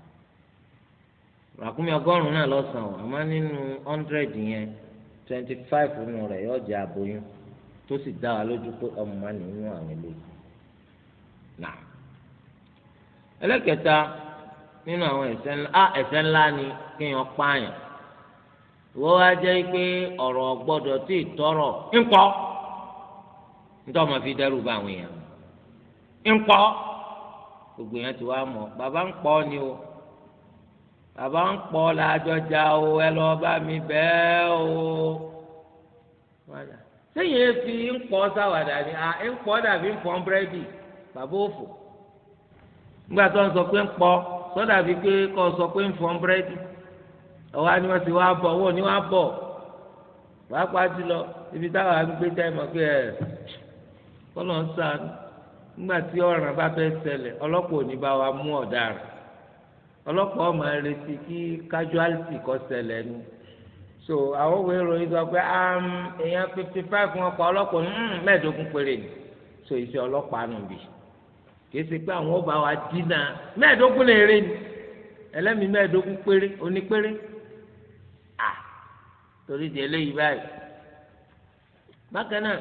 ràkúnmí ọgọ́rùn náà lọ́sàn-án àmọ́ nínú hundred yẹn twenty five nínú rẹ̀ yóò jẹ́ aboyún tó sì dá wa lójú pé ọmọ nìyí àwọn eléyìí. naa. ẹlẹ́kẹta nínú àwọn a ńlá ni kéèyàn pààyàn wọ́n wá jẹ́ pé ọ̀rọ̀ gbọ́dọ̀ tí ì tọrọ ńkọ́ nítorí ọmọ fi dẹ́rù bá àwọn èèyàn ńkọ́ gbogbo yẹn ti ni o bàbá ń pọ̀ làjọjà o ẹ lọ bá mi o sẹ́yìn efi ń pọ̀ ni à ń dàbí ń pọ̀ bàbá òfò nígbà tó ń sọ pé ń pọ sọdà bíi pé kọ́ sọ pé ń fọn búrẹ́dì ọwọ́ ni wọ́n ti wá bọ̀ owó ni wọ́n á bọ̀ pàápàá jùlọ ibi táwọn àgbẹ̀ dá ìmọ̀ pé ẹ̀ kọ́lọ̀ ń sànù nígbà tí ọ̀ràn bá fẹ́ ṣẹlẹ̀ ọlọ́pàá ò ní bá wa mú ọ̀daràn ọlọ́pàá ọmọ retí kí casualty kó ṣẹlẹ̀ ni so àwọn òwe ìròyìn sọ pé èèyàn fifty five wọn pa ọlọ́pàá hmm, mẹ́ẹ̀ẹ́dógún péré ni so iṣẹ́ ọlọ́pàá nù bíi kìí ṣe pé àwọn ọba wa dínà mẹ́ẹ̀ẹ́dógún lè rìn ní ẹlẹ́mìí mẹ́ẹ̀ẹ́dógún péré oní péré à torí di eléyìí báyìí bákan náà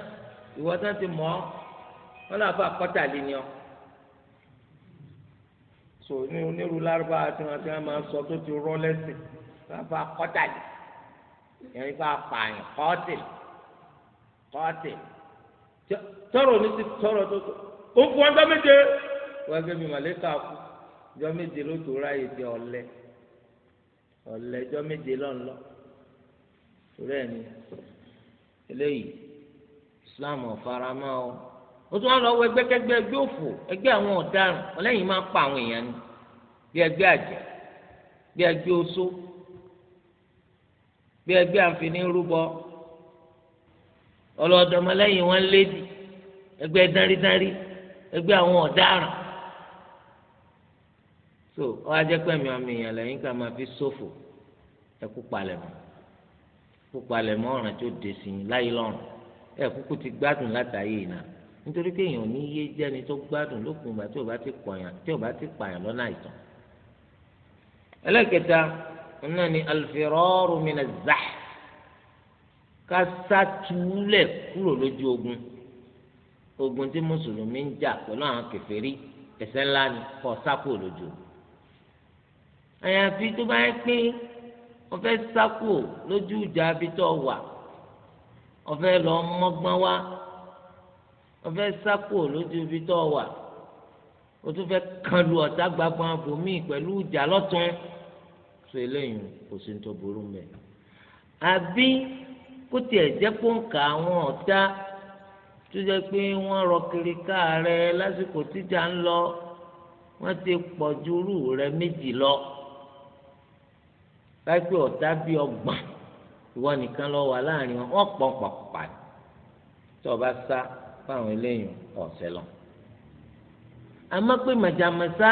ìwọ tán ti mọ̀ ọ́ wọn làá fà kọ́tà lé ní ọ so ní onírú lárúbáwá tí wọn ti máa sọ tó ti rọ lẹ́sìn wọn fà kọ́tà lé yẹn nípa pààyàn kọ́ọ̀tì kọ́ọ̀tì tọrọ ní ti tọrọ tó tó. ó fún ọjọ́ méje wọ́n gẹ́gẹ́ bí màlẹ́kà kú ọjọ́ méje ló tó ráyè di ọ̀lẹ ọ̀lẹ ọjọ́ méje lọ́nlọ́ torí ẹ̀ ni eléyìí Islam ọ̀faramá ó tún lọ wọ òfò àwọn pa àwọn èèyàn ni bí bí oṣó bí rúbọ wọn lédi ẹgbẹ́ àwọn ọ̀daràn so ọ ajẹ́pẹ́ mi àmì èèyàn lẹ́yìn ká máa fi ṣòfò ẹkú palẹ̀mọ́ ẹkú palẹ̀mọ́ ọ̀ràn tó dé sí i láyé lọ́rùn ẹ̀kúkú ti gbádùn látàyè iná nítorí pé èèyàn ní yé jẹ́ni tó gbádùn lópin ìgbà tí ò bá ti pọ̀yàn tí ò bá ti pààyàn lọ́nà àìtàn. ẹlẹ́kẹta náà ni alfirọ́ọ̀rù mi ká sá kúrò lójú ogun ogun tí mùsùlùmí ń jà pẹ̀lú àwọn kèfèrí ẹ̀ṣẹ̀ ńlá ni kọ́ sápò lójú àyàfi tó bá yẹ pé wọ́n fẹ́ sápò lójú ìjà abitọ́ wà wọ́n fẹ́ lọ mọ́gbọ́n wá wọ́n fẹ́ sápò lójú abitọ́ wà o tún fẹ́ kanlu ọ̀tá gbàgbọ́n abòmíì pẹ̀lú ìjà lọ́tún so eléyìí kò sí ní tó burú mẹ́ àbí kó tiẹ̀ jẹ́ pọ́ǹkà àwọn ọ̀tá tó jẹ́ pé wọ́n rọ kiri káàárẹ̀ lásìkò tíjà ń lọ wọ́n ti pọ̀ ju rú rẹ méjì lọ láìpẹ́ ọ̀tá bíi ọgbọ̀n ìwọ nìkan lọ wà láàrin wọn wọ́n pọ̀ pàpà tí ọba sá fáwọn eléyìí ọ̀sẹ̀ lọ. àmọ́ pé màjàmásá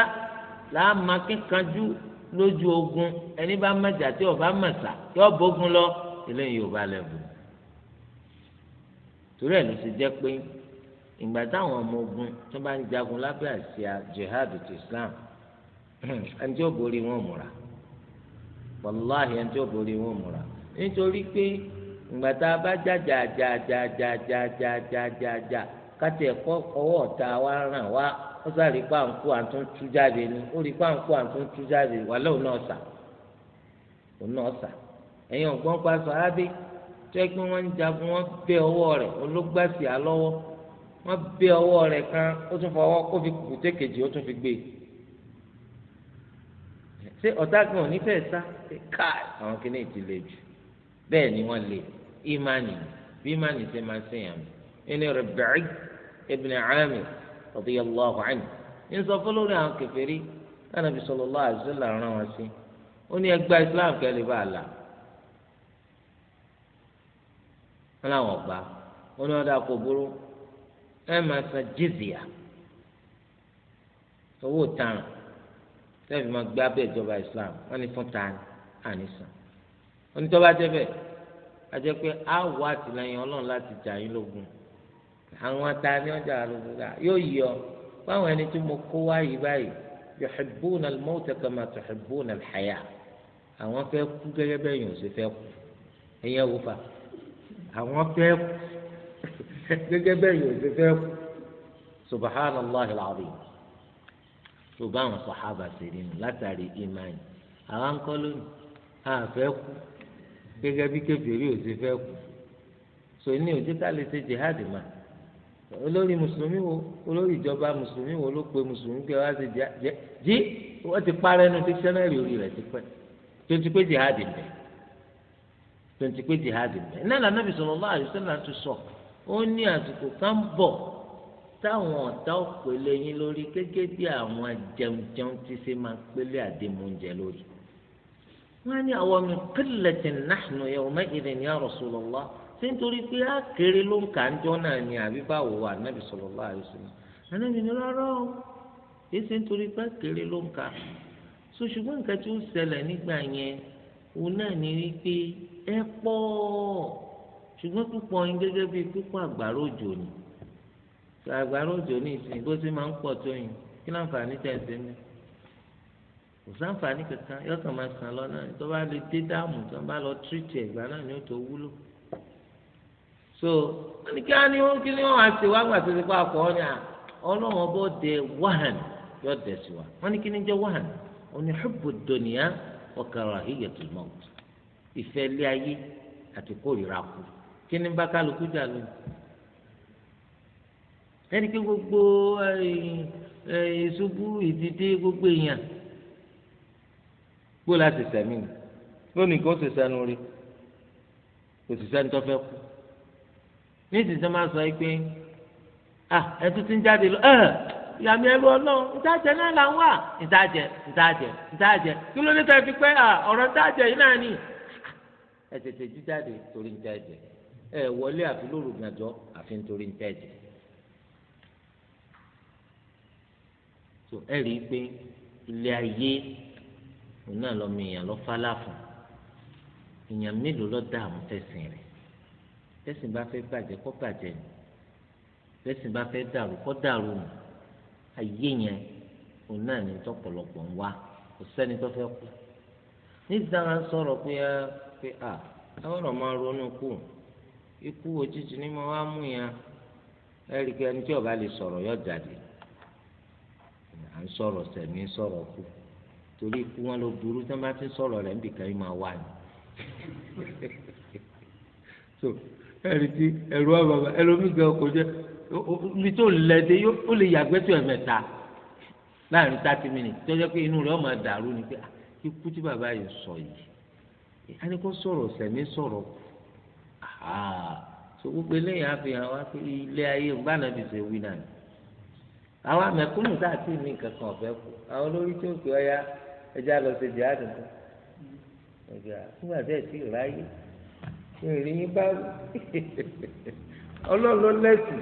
làá máa kíkanjú lójú ogun ẹni bá màjà tí ọba màsà yọ bógun lọ eléyìí ò bá lẹ́bùn. torí ẹ̀ ló ti jẹ́ pé ìgbà táwọn ọmọ ogun tó bá ń jagun lábẹ́ àsíá jihad ti islam ẹni tí ó borí wọn múra wàláhì ẹni tí ó borí wọn múra nítorí pé ìgbà tá a bá ọwọ́ ọ̀tá jáde ni ó rí tẹ́ pé wọ́n ń jagun wọ́n bẹ́ ọwọ́ rẹ̀ ológbàsì alọ́wọ́ wọ́n bẹ́ ọwọ́ rẹ̀ kan ó tún fọwọ́ ó fi kùtè kejì ó tún fi gbé e ṣé ọ̀tá kan ò ní fẹ́ sá ṣe káì àwọn kìíní ti jù bẹ́ẹ̀ ni wọ́n le ìmánì bí ìmánì ṣe máa ṣe yàn mí ẹni Rabi'i ibn Amir radiyallahu anhu ń sọ fọlọ́rẹ́ àwọn kèfèrí lánàá bí sallallahu rán wọn sí ó ní ẹgbẹ́ Islam kẹ́lẹ́ bá a là. wọn làwọn gbà wọn ni wọn dà kó burú ẹ máa san jizya owó tààràn tẹ́lifí máa gbé abẹ́ ìjọba islam wọ́n ní fún tààràn àní san onítọ́ba jẹ́bẹ̀ a jẹ́ pé a wọ àtìlẹyìn ọlọ́run láti jà yín lógun àwọn atani ọjà lógun rà yóò yọ báwọn ẹni tí mo kó wá yìí báyìí yuhibbuna al-mawta kama tuhibbuna al-haya àwọn fẹ́ kú gẹ́gẹ́ bẹ́ẹ̀ yòó ṣe fẹ́ kú ẹ̀yin wò fà àwọn fẹ́ kú gẹ́gẹ́ bẹ́ẹ̀ yóò ṣe fẹ́ kú subhanallah alazim tó bá àwọn sàhábà ṣe rí nu látàrí imáyì àwọn akọ́ lónìí àfẹ́ kú gẹ́gẹ́ bí kébìrì ò ṣe fẹ́ kú sọ ní òjò ká lè ṣe jihadi máa olórí mùsùlùmí wo olórí ìjọba mùsùlùmí wo ló pe mùsùlùmí pé wá sí jẹ jí wọ́n ti parẹ́ nu dictionary orí rẹ̀ ti pẹ́ tó ti pé jihadi bẹ̀ tonti pé jihad bẹ náà lànàbì sallallahu alaihi wasallam ti sọ ó ní àsìkò kan bọ̀ táwọn ọ̀tá òpèlè yín lórí gẹ́gẹ́ bí àwọn jẹunjẹun ti ṣe máa pélé àdémúnjẹ lórí wọn ní àwọn min qillatin nahnu yawma idhin ya Rasulullah ṣé nítorí pé á kéré ló ń kà ń jọ náà ni àbí báwo wà ànábì sallallahu alaihi wasallam ànábì ní rárá o èyí ṣe nítorí pé á kéré ló ń kà so nǹkan tí ó ṣẹlẹ̀ nígbà yẹn òun náà ní wípé ẹ pọ̀ ṣùgbọ́n púpọ̀ yín gẹ́gẹ́ bíi púpọ̀ àgbàrá òjò ni àgbàrá òjò ní ìsìn bó máa ń pọ̀ tó yín kí láǹfààní tẹ̀ ṣe mí kò sáǹfààní kankan yóò máa sàn lọ náà tó bá lè dé dáàmú tó bá ni ó tó wúlò so kí á ní kí ni wọ́n á ṣe wá gbà tó ti pa àkọ́ ni ọlọ́run ọbọ̀ dé wàhán yóò dẹ̀ sí wa ní kí jẹ́ ìfẹ́ ilé ayé àti kórìíra kù kí ni bá kálukú jà lónìí ẹni gbogbo ìṣubú ìdídé gbogbo èèyàn gbó láti sẹ̀mí ni lónìí kó sì sẹnu rí kò tó fẹ́ kú sọ pé ah ẹ ti ń jáde lọ ẹ ìyàmì ẹrú ọlọ́run ìtajẹ náà là ń wà ìtajẹ ìtajẹ ìtajẹ kí ló ní ká fi pẹ́ yìí náà nìyí. ẹ tètè jíjáde torí ń tẹ́ ẹ̀jẹ̀ ẹ wọlé àfi lóru gànjọ́ àfi nítorí ń tẹ́ ẹ̀jẹ̀ tó ẹ rí i pé ilé ayé òun náà lọ́mọ èèyàn lọ́ fálàfún èèyàn mélòó lọ́ dààmú tẹ̀sìn rẹ̀ tẹ̀sìn bá fẹ́ bàjẹ́ kó bàjẹ́ ni tẹ̀sìn bá fẹ́ dàrú kó dàrú ni ayé yẹn òun náà ní tọ́pọ̀lọpọ̀ ń wá kò sẹ́ni tó fẹ́ kú nígbà wọn sọ̀rọ̀ pé ẹ. Ah, pé a, ọ̀rọ̀ máa ronú kù ikú òjijì ni mo wá mú yẹn ẹni tí ọba lè sọrọ yọ jáde à ń sọ̀rọ̀ sẹ̀mí sọ̀rọ̀ kù torí ikú wọn ló burú tí wọn bá ti sọ̀rọ̀ rẹ̀ níbìkan yìí máa wà ní ẹni tí ẹrù ẹlòmígbẹ ọkọ jẹ omi tó lẹ dé ó lè tó láàrin tó pé inú dàrú ni pé ikú sọ yìí ẹni kó sọ̀rọ̀ sẹ̀mí sọ̀rọ̀ so gbogbo àfihàn wa pé ilé ayé ògbà ṣe wí náà ni àwọn amẹ̀kúnnù tá a ti ní kankan ọ̀fẹ́ kù àwọn olórí tí ó pè ọ́ ya ẹja lọ sí ìdí àdùnkù ẹja nígbà tí ẹ ti ráyè ṣe rí yín bá ọlọ́run lẹ́sìn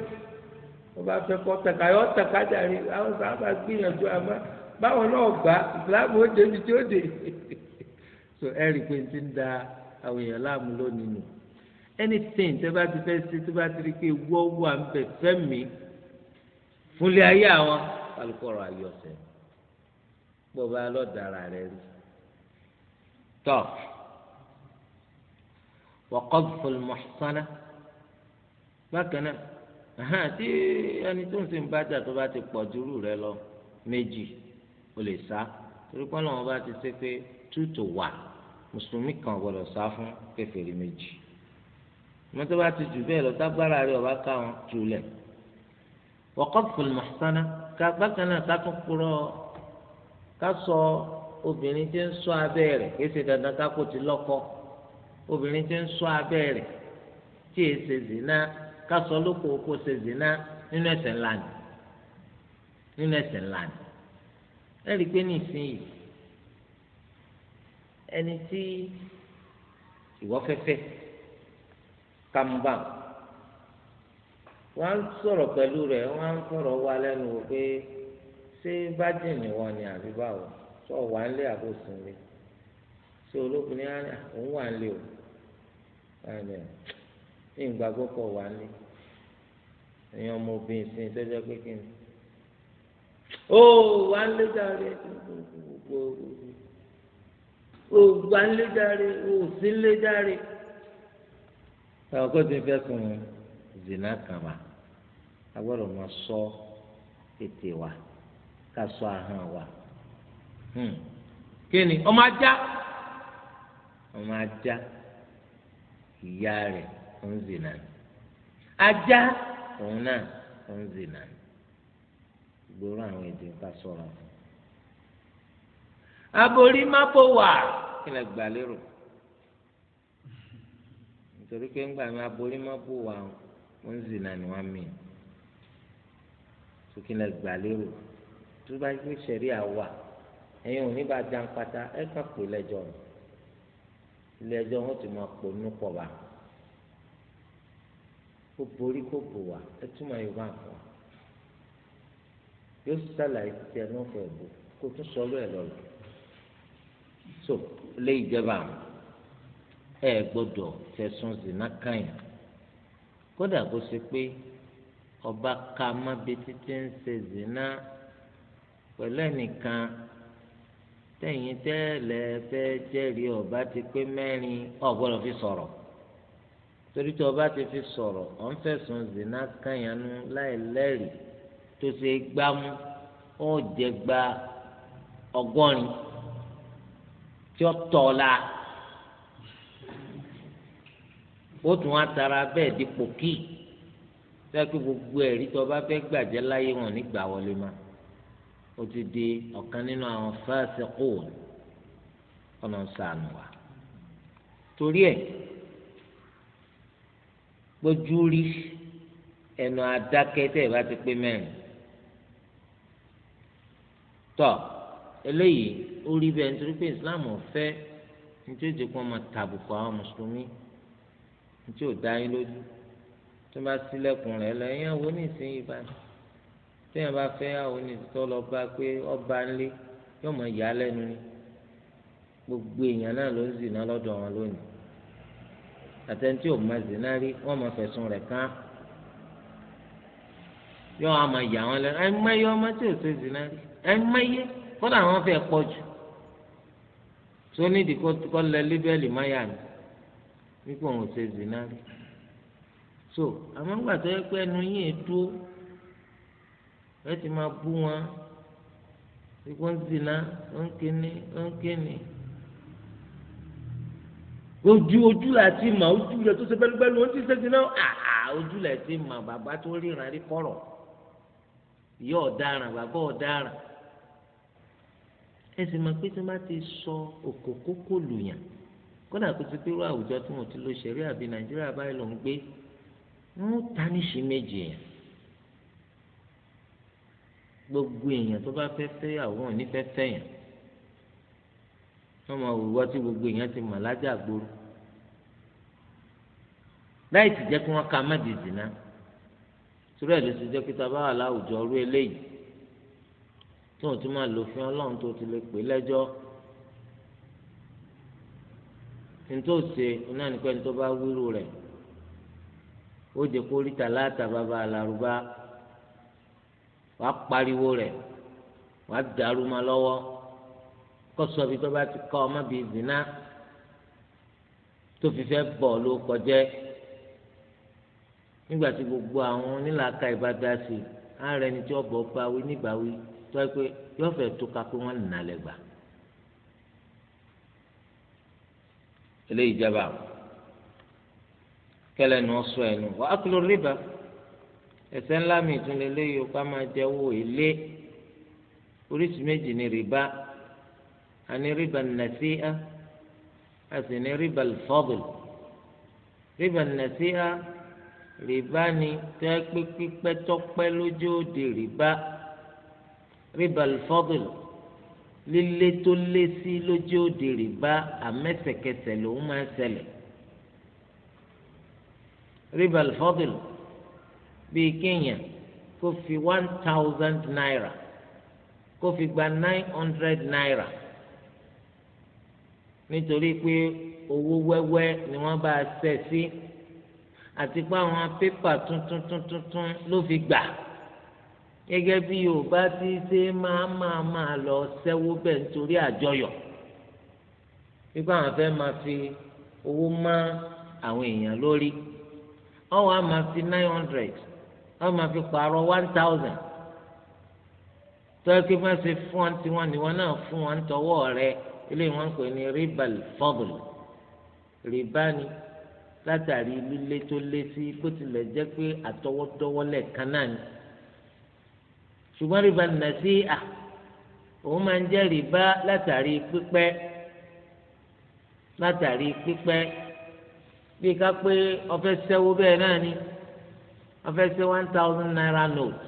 wọ́n bá fẹ́ kọ́ tẹ̀ka yọ tẹ̀ka jàre àwọn sábà gbìyànjú àmọ́ báwọn náà gbà ìsìlámù ó débi tí ó dé so ẹ rí i pé ti ń da àwọn èèyàn láàmú lónìí nù anything tẹ bá ti fẹ́ ṣe tó bá ti rí i pé wọ́wọ́ à ń bẹ̀ fẹ́ mi fúnlé ayé àwọn alukọ̀rọ̀ ayé ọ̀sẹ̀ bá lọ́dàra rẹ rí tọ́ wọ́kọ́fù mọ̀sánná bákan náà hàn tí ẹni tó ń sìn bá jà tó bá ti pọ̀ jù rẹ lọ méjì o lè sá torí pé ọlọ́run bá ti ṣe pé two to one mùsùlùmí kan gbọdọ̀ sá fún kèfèrí méjì wọn tó bá ti jù bẹ́ẹ̀ lọ tágbára rẹ̀ ọba ká wọn túlẹ̀ waqaful muhsana bákan náà ká tún kúrọ́ ká sọ obìnrin tí ń ṣọ́ abẹ́ rẹ̀ kì ṣe dandan ká kó ti lọ́kọ obìnrin tí ń ṣọ́ abẹ́ rẹ̀ tí èé ṣe zina ká sọ lóko kó ṣe zina nínú ẹ̀ṣẹ̀ ńlá ni nínú ẹ̀ṣẹ̀ ńlá ni ẹ rí i pé ní ìsinyìí ẹni tí ìwọ fẹ́fẹ́ kàmbá wọn á sọ̀rọ̀ pẹ̀lú rẹ̀ wọn á sọ̀rọ̀ wá lẹ́nu wò pé ṣé bájì ni wọn ni àbí báwo sọ wà ń lé àbòsùn lé ṣé olóbìnrin á òun wà ń lé o ẹnì ìgbàgbọ́ kọ̀ wà ń lé èèyàn ọmọbìnrin sí i tó pé kí ni. O wa ń lé o ó wà ń lé jàre ó sì zina kàn wá a gbọ́dọ̀ máa sọ ètè wa ká sọ ahọ́n wa. Hmm. kí ni ọmọ ajá ọmọ ajá zina ajá òun náà zina gbòòrò àwọn èdè ká sọ̀rọ̀ fún. aborí má bò wà kí lè gbà lérò nítorí pé ńgbà mi aborí má bò wà ó ń zìnà ni wọ́n mì tó kí lè gbà lérò tó bá sẹ̀rí àwà ẹ̀yin ò ní bá ẹ̀ pé ti máa pò pọ̀ bá yóò sàlàyé tiẹ̀ náà fẹ́ bò kó tún sọ ọ́ ẹ̀ lọ́la so lé ìjọba ẹ gbọ́dọ̀ fẹ̀sùn zina kàyìn kódà kó ṣe pé ọba ká má bi títí ń ṣe zina pẹ̀lú ẹnìkan tẹ̀yìn tẹ́lẹ̀ fẹ́ jẹ́rìí ọba ti pé mẹ́rin ò gbọ́dọ̀ fi sọ̀rọ̀ torí tí ọba ti fi sọ̀rọ̀ ọ̀n fẹ̀sùn zina kàyìn láì lẹ́rìí tó ṣe gbámú ó jẹ gba ọgọ́rin tí ó tọ̀ la ó tún á tara bẹ́ẹ̀ di pòkì sẹ́kì gbogbo ẹ̀rí tó bá fẹ́ gbàjẹ́ láyé wọn nígbà wọlé ma ó ti di ọ̀kan nínú àwọn fáṣẹ kóòn ọ̀nà sànù wa torí ẹ̀ gbójú rí ẹnu adákẹ́ bá ti pé mẹ́rin tọ eléyìí ó rí bẹ́ẹ̀ nítorí pé islam ọ̀fẹ́ nítorí tí wọ́n máa tàbùkù àwọn mùsùlùmí nítorí ò dá yín lójú tó bá sílẹ̀kùn rẹ̀ lẹ́yìn àwọn oníṣẹ́yìn báyìí téèyàn bá fẹ́ àwọn oníṣẹ́ lọ bá pé ọba ńlé yóò mọ ìyá lẹ́nu ni gbogbo èèyàn náà ló ń zìnà lọ́dọ̀ wọn lónìí àtẹnudí ò máa zìnà rí wọ́n máa fẹ̀sùn rẹ̀ kàn yóò máa yà wọn lẹ́nu ẹ̀ mọ́ ẹyọ ọmọ tí ò ṣe zìnà rí ẹ mẹ́yẹ kọ́dà àwọn fẹ́ pọ̀ jù tó nídìí kọ́ lẹ líbẹ́ẹ̀lì máyà ni wípé òun ṣe zina rí so àmọ́ ńgbà tó yẹ pé ẹnu yìí dúró ẹ ti máa bú wọn wípé ń zina ó ń kíni ó ń kíni ojú ojú la ti mà ojú rẹ tó ṣe bẹ́lúbẹ́lú ó ṣe zina àhà ojú la ti mà bàbá tó ríran rí kọ̀rọ̀ yóò dáràn bàbá ò dáràn ẹ sì mọ̀ pé tí wọ́n bá ti sọ òkò kókó lùyàn kódà kó ti pé irú àwùjọ tí mo ti lo ṣẹ̀rí àbí nàìjíríà báyìí ló ń gbé wọ́n tánìṣì méjì èèyàn gbogbo èèyàn tó bá fẹ́ fẹ́ àwọn ò ní fẹ́ fẹ́ yàn wọ́n máa wùwọ́ tí gbogbo èèyàn ti mọ̀ lájà gbòòrò láì sì jẹ́ kí wọ́n ka má dìdì náà torí ẹ̀ ló ti jẹ́ pé tá a bá wà láwùjọ ọrú eléyìí tó o tún máa lò fún ọlọ́run tó o ti lè pè lẹ́jọ́ ntòsè onáníkẹ́ ní tó bá wíru rẹ̀ ó jẹ́ kó rí tàlátà bàbá alárúbá wàá pariwo rẹ̀ wàá dàrú ma lọ́wọ́ kọ́sọ́ bí tó bá ti kọ́ ọmọ bíi zina tó fi fẹ́ bọ̀ ló kọjẹ́ nígbà tí gbogbo àwọn onílàáka ìbá á rẹ ni tí ọ̀bọ̀ bá wí níbàwí tó yẹ pé yóò fẹ́ tó ká pé wọ́n lè nà lẹ́gbàá eléyìí jẹba kẹlẹ ni wọ́n sọ ẹnu wọ́n á kúlò rìbá ẹ̀ṣẹ̀ ńlá mi ìtúnlẹ léyìí ká máa jẹ owó èlé oríṣi méjì ni rìbá a rìbá nàṣíà a sì ní rìbá fọdùl rìbá nàṣíà rìbá ni tẹ́ pé pípẹ́ tọ́pẹ́ lójó rìbá. Ribal al-fadl lílé tó lé sí lójú òde rìbá àmẹ́sẹ̀kẹsẹ̀ lòún máa ń ṣẹlẹ̀ rìbá bíi kéèyàn kó fi one thousand naira kó fi gba nine hundred naira nítorí pé owó wẹ́wẹ́ ni wọ́n bá ṣẹ̀ sí àti pé àwọn pépà tuntun tuntun ló fi gbà gẹ́gẹ́ bí yorùbá ti ṣe máa máa máa lọ sẹ́wó bẹ́ẹ̀ nítorí àjọyọ̀ wípé àwọn fẹ́ máa fi owó má àwọn èèyàn lórí ọ̀hún á máa fi nine hundred ọ̀hún máa fi pààrọ̀ one thousand tọ́jú pé bá ṣe fún wọn tiwọn ni wọn náà fún wọn tọwọ́ rẹ eléyìí wọn pè ní ribal fọ́bùlù rìbá ni látàrí lílé tó lé sí bó tilẹ̀ jẹ́ pé àtọwọ́dọ́wọ́ kan náà ni ṣùgbọ́n rìbá nàṣíà òun máa ń jẹ́ rìbá látàrí pípẹ́ látàrí pípẹ́ bí ká pé ọfẹ́ sẹ́wó bẹ́ẹ̀ náà ni ọfẹ́ sẹ́ one thousand naira note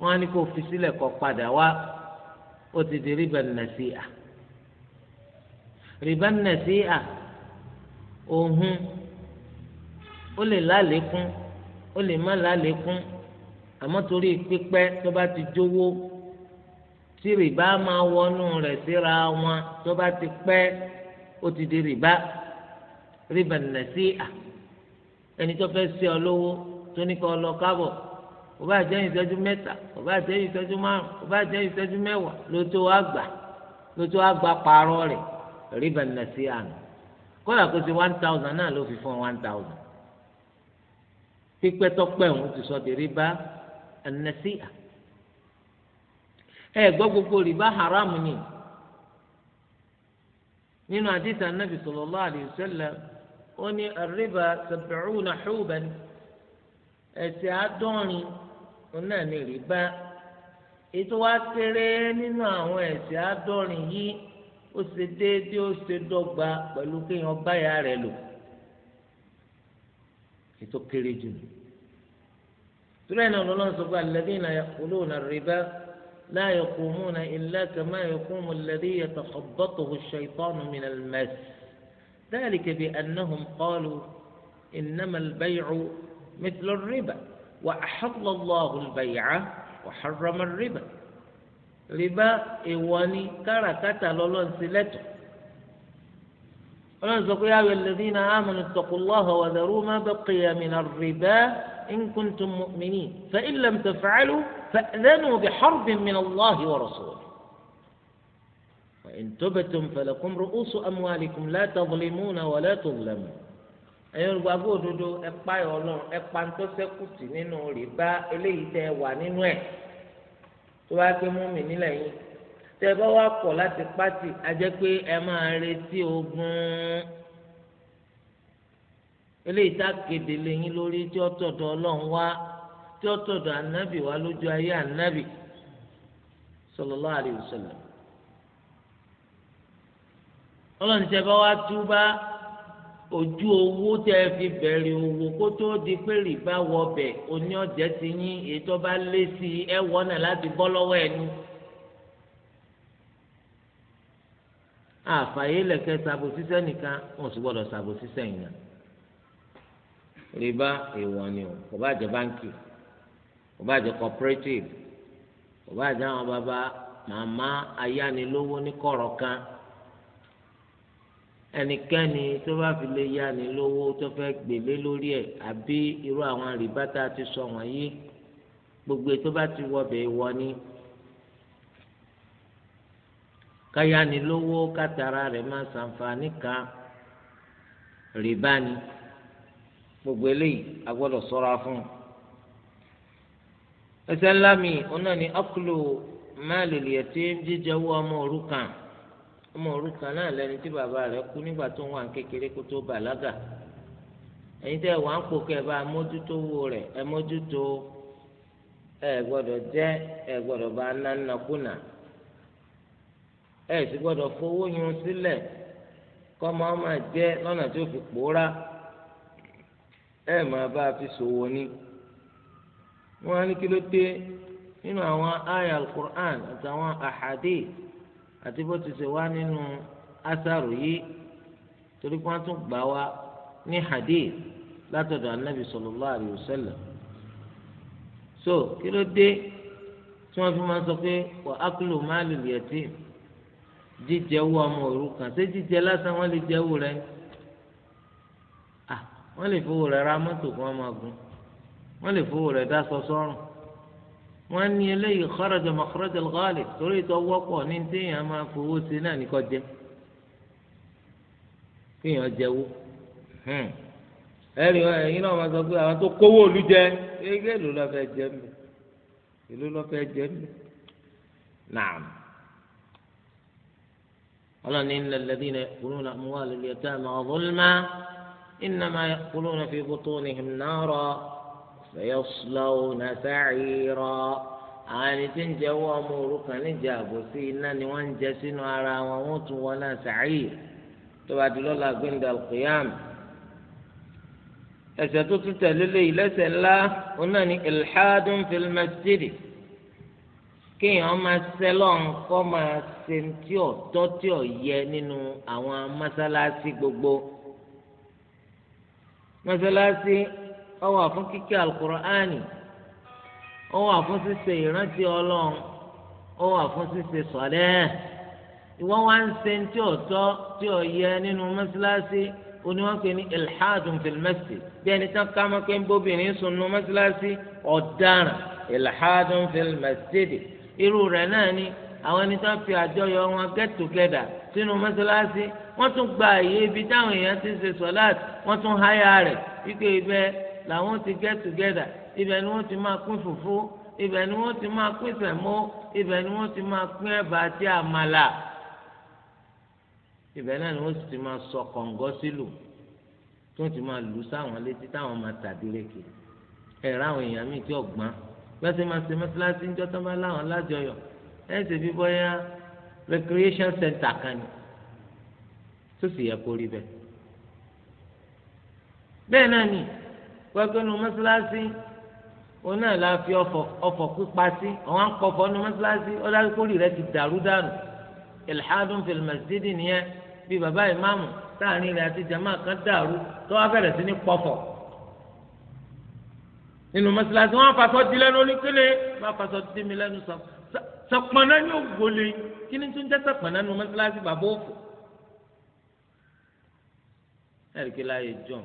wọ́n á ní kó fi sílẹ̀ kó padà wá ó ti di rìbá nàṣíà rìbá nàṣíà òun ó lè lálékún ó lè má lálékún. La àmọ́ torí pípẹ́ tó bá ti jówó tí rìbá máa wọnú rẹ̀ síra wọn tó bá ti pẹ́ ó ti di rìbá rìbá nàṣí à ẹni tó fẹ́ ṣe ọ lówó tó ní kọ́ ọ lọ kábọ̀ kò bá jẹ́ ìṣẹ́jú mẹ́ta kò bá jẹ́ ìṣẹ́jú márùn kò bá jẹ́ ìṣẹ́jú mẹ́wàá ló tó wá gbà ló tó wá gbà parọ́ rẹ̀ rìbá nàṣí àná kọ́lá kó ti one thousand náà ló fi fún one thousand pípẹ́ tọ́pẹ́ òun ti sọ di rìbá. an-nasi'a ẹ gbọ́ gbogbo rìbá haram ni nínú àdìsá nàbì sallallahu alayhi wa sallam ó ní ar-riba sab'una huban ẹ̀sẹ̀ wa nínú àwọn ẹ̀sẹ̀ àádọ́rin yìí ó ṣe déédéé ó ṣe dọ́gba pẹ̀lú kéèyàn báyà rẹ̀ lò ètò kéré jù torí ẹni ọlọ́run sọ pé alladhina ya'kuluna ar-riba la yaqumuna illa kama yaqumu alladhi yatakhabbathu ash-shaytanu min al-mas ذلك بأنهم قالوا إنما البيع مثل الربا وأحل الله البيع وحرم الربا rìbá èèwọ̀ ni káràkátà lọ́lọ́run sí lẹ́tọ̀ ọlọ́run sọ pé yáwé lẹ́dínà amanu taqullaha wa dharu ma baqiya mina rìbá. إن كنتم مؤمنين فإن لم تفعلوا فأذنوا بحرب من الله ورسوله وإن تبتم فلكم رؤوس أموالكم لا تظلمون ولا تظلمون ẹyin olùgbàgbọ́ òdodo ẹ̀pá ọlọ́run ẹ̀pá tó sẹ́kùtì nínú rìbá eléyìí tẹ́ ẹ wà nínú ẹ̀ tó bá pé mú mi nílẹ̀ yìí tẹ́ ẹ bá wà pọ̀ láti pátì ajẹ́ pé ẹ máa retí ogun eléyìí tá a kéde lẹ́yìn lórí tí ó tọ̀dọ̀ ọlọ́run wá tí ó tọ̀dọ̀ ànábì wá lójú ayé ànábì sallallahu alaihi wasallam. ọlọ́run tẹ bá wá túbá ojú owó tẹ fi bẹ̀rẹ̀ owó kó tó di pé rìbá wọ ọbẹ̀ oní ọ̀jẹ̀ ti yín ètò bá lé sí ẹ wọ́nà láti bọ́ lọ́wọ́ ẹnu. àfàyè lẹ̀kẹ́ sàbòsíṣẹ́ nìkan wọn sì gbọ́dọ̀ sàbòsíṣẹ́ yìí rìbá èèwọ̀ ni o kò bá jẹ báńkì kò bá jẹ cooperative kò bá jẹ àwọn bàbá màmá ayánilówó ní kọ̀rọ̀ kan ẹnikẹ́ni tó bá fi lè yáni lówó tó fẹ́ gbèlé lórí ẹ̀ àbí irú àwọn rìbá tá a ti sọ wọ̀nyí gbogbo ètò bá ti wọbẹ̀ wọ ni káyánilówó kátàrà rẹ̀ máa ṣàǹfààní kan rìbá ni. gbogbo eléyìí agbọdọ gbọ́dọ̀ ṣọ́ra fún un. ńlá mi ọ̀nà ni akulu máàlìlì ẹ̀tí jíjẹ owó ọmọ òrukàn ọmọ òrukàn náà lẹni tí bàbá rẹ̀ kú nígbà tó ń wà kékeré kó tó bàlágà ẹ̀yin tẹ́ wàá ń bá mójútó owó ẹ mójútó ẹ gbọ́dọ̀ jẹ́ ẹ gbọ́dọ̀ bá nánàkúnà ẹ sì gbọ́dọ̀ fowó yun sílẹ̀ kọ́ máa máa ẹ máa bá a fi ṣòwò ni wọn á ní kí ló dé nínú àwọn àyà alukur'an àtàwọn àhàdé àti bó ti ṣe wá nínú asaro yìí torí pé wọn tún gbà wá ní hadé látọ̀dọ̀ anabi sallallahu alayhi so kí ló dé tí wọn fi máa sọ pé wà á kúlò máàlì lìyẹtì jíjẹ owó ọmọ òrukàn ṣé jíjẹ lásán wọn lè jẹ owó rẹ wọ́n lè fowó rẹ̀ ra mọ́tò kí wọ́n máa gun wọ́n lè fowó rẹ̀ dá sọ́sọ́rùn wọ́n ní eléyìí kharaja makhraja al-ghalib torí ìtọ́ wọ́pọ̀ ní téèyàn máa fowó sí náà ní kò jẹ kéèyàn jẹwó hmm. ẹ̀rí ẹ̀yin náà máa sọ pé àwọn tó kówó òlu jẹ ẹgbẹ́ ìlú lọ́ọ́ jẹ mi ìlú lọ́ọ́ jẹ mi nàám. قال إن الذين يأكلون أموال اليتامى ظلما إنما يأكلون في بطونهم نارا فيصلون سعيرا àwọn tí ń jẹ owó ọmọ òrukàn níjà àbòsí iná ni wọn ń jẹ sínú ara wọn wọn tún wọn náà sàáyè tó bá di lọ́la gbẹ̀ndà alqiyam ẹ̀ṣẹ̀ tó tún tẹ̀lé léyìí lẹ́ṣẹ̀ ńlá òun náà ni ilhadun fil masjid kéèyàn máa sẹ́lọ̀n kọ́ máa ṣe tí ò tọ́ tí ò yẹ nínú àwọn mọ́sálásí gbogbo mọ́sálásí ó wà fún kíké alukur'ani ó wà fún ṣíṣe ìrántí ọlọ́run ó wà fún ṣíṣe sọ̀lẹ́ ìwọ́n wá ń ṣe tí ò tọ́ tí ò yẹ nínú mọ́sálásí oníwọ̀n pè ní ilhadun filimẹ́sì bí ẹni tán ká máa pé ń bóbìnrin sùn nínú mọ́sálásí ọ̀daràn ilhadun filimẹ́sì irú rẹ̀ náà ni àwọn ẹni tó ń fi àjọyọ̀ wọn get together sínú mọ́ṣáláṣí wọ́n tún gba àyè ibi táwọn èèyàn ti ń ṣe sọ́láàt wọ́n tún háyà rẹ̀ wípé ibẹ̀ làwọn ti get together ibẹ̀ ni wọ́n ti máa pín fùfú ibẹ̀ ni wọ́n ti máa pín sẹ̀mó ibẹ̀ ni wọ́n ti máa pín ẹ̀bà àti àmàlà ibẹ̀ náà ni wọ́n ti máa sọ kọ̀ǹgọ́ sílù tí wọ́n ti máa lù sáwọn létí táwọn máa tàdúrẹ́ kiri ẹ̀rọ àwọn èèyàn míì tí ọ̀gbọ́n gbẹ́sẹ̀ máa ṣe mọ́ṣáláṣí ń jọ́ tán bá láwọn lájọyọ̀ ẹ ṣe bí bóyá recreation center kan ni tó sì yẹ kó rí bẹ́ẹ̀ bẹ́ẹ̀ náà ni pẹ́ẹ́kẹ́nu mọ́ṣáláṣí òun náà la fi ọ̀fọ̀ ọ̀fọ̀ pípa sí àwọn akọ̀fọ̀ nu mọ́ṣáláṣí ó dájú kórìí rẹ ti dàrú dànù ilhadun fil masjid nìyẹn bí bàbá ìmáàmù táàrin rẹ àti jama kan dàrú tó wá bẹ̀rẹ̀ sí ní pọ̀fọ̀ nínú mọ́ṣáláṣí wọn afasọ́ di lẹ́nu oníkéle wọn afasọ́ di lẹ́nu sọ sàpànà ni ó gbolé kí ni tó ń jẹ́ sàpànà nu mọ́sálásí bàbá òfò ẹ̀ríkì láàyè john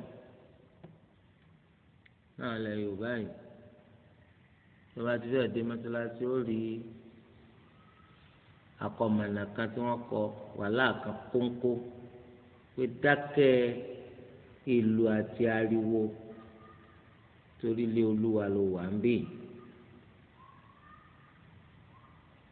náà lẹ yorùbá yìí tó bá ti fẹ́ dé mọ́sálásí ó rí akọmọ̀nà kan tí wọ́n kọ wàhálà kan kónkó pé dákẹ́ ìlú àti ariwo torí ilé olúwa ló wà ń bẹ́ẹ̀.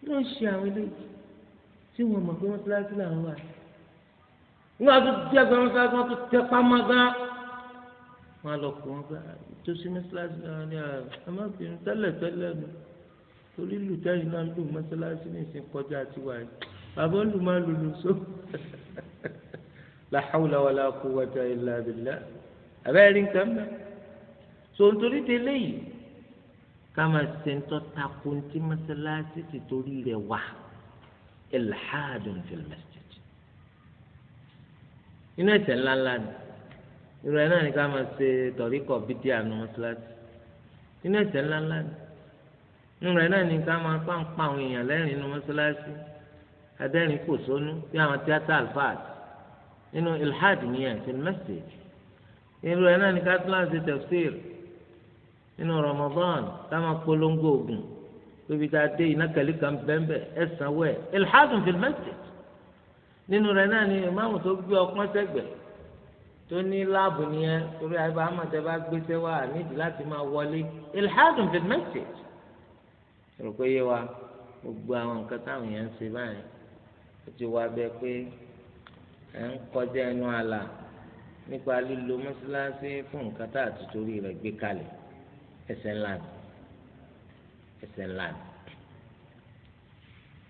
kí ló ń ṣe àwọn eléyìí tí wọn mọ̀ pé wọ́n ti láti làwọn wà nígbà tó jẹ́ pé wọ́n sáré wọ́n tó tẹ pamọ́ gan wọn lọ kó wọn gbá tó sí mọ́sálásí náà ní àmọ́bìnrin tẹ́lẹ̀ tẹ́lẹ̀ nù torí lùtẹ́yìn náà lù mọ́sálásí ní ìsìn kọjá tiwa yìí bàbá olù máa lùlù só la hawla wala quwwata illa billah abẹ́rẹ́ nǹkan mẹ́ sọ̀ntorí tẹ́lẹ̀ yìí kama sentọ takunti masalasi ti torí rẹ̀ wa ilhaadun fil masjid inú ẹ̀ṣẹ̀ ńláńlá ni irú ẹ náà ni ká máa ṣe tọríkọ bídí àánú mọ́sálásí inú ẹ̀ṣẹ̀ ńláńlá ni irú ẹ náà ni ká máa pàǹpà àwọn èèyàn lẹ́rìn inú mọ́sálásí adẹ́rìn kò sónú bí àwọn tíátà alfaad nínú ilhaad nìyẹn fil masjid irú ẹ náà ni ká tafsir nínú Ramadan táwọn polongo oògùn tóbi tá a dé iná kẹlí kan bẹ́ẹ̀ ẹ sanwó ẹ ilhadun fil masjid nínú rẹ náà ni ìmáàmù tó gbé ọpọ́n sẹ́gbẹ̀ tó ní láàbù nìyẹn torí àyíká amọ̀tẹ́ bá gbéṣẹ́ wá nídìí láti máa wọlé ilhadun fil masjid rò pé yé wa gbogbo àwọn nǹkan táwọn yẹn ń ṣe báyìí ó ti wá bẹ pé ẹ ń kọjá ẹnu àlà nípa lílo mọ́ṣáláṣí fún nǹkan tá a ti torí rẹ̀ gbé kalẹ̀ ẹ̀ṣẹ̀ ńlá ni ẹ̀ṣẹ̀ ńlá ni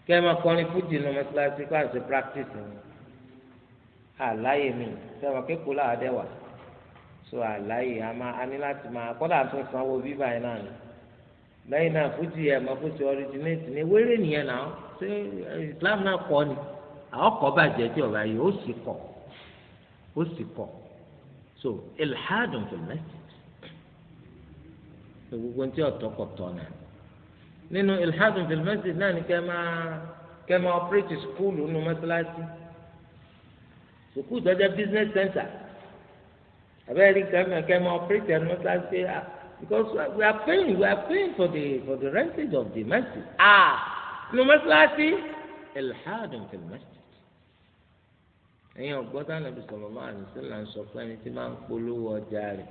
kí ẹ máa kọrin fújì nínú mọ́tíláṣí kí wọ́n ṣe practice ni àláyé mi sẹ́wọ̀n kékeré làwọ̀dẹ́ wà so àláyé a máa a ní láti máa kọ́dà tó sanwó bíbá yẹn náà ni lẹ́yìn náà fújì ẹ̀ máa fújì originate ni wéré nìyẹn náà ṣé eh, Islam náà kọ́ ni àwọn kọ́ bàjẹ́ tí ọ̀rọ̀ ayé ó sì kọ̀ ó sì kọ̀ so ilhadun fil masjid gbogbo ntí ọ̀tọ̀kọ̀tọ̀ náà nínú ilhadun fil masjid náà ni kẹ́ máa kẹ́ máa ọpẹ́rẹ́tì skúlù nínú mọ́sálásí sùkúù tọ́jà business center abẹ́rẹ́ rí kẹ́mẹ́ kẹ́ máa ẹnu mọ́sálásí à ah, because we are paying we are paying for the for the rentage of the masjid ah nínú mọ́sálásí ilhadun fil masjid ẹ̀yin ọ̀gbọ́n tánàbí sallallahu alaihi wasallam sọ pé ẹni tí máa ń polówó ọjà rẹ̀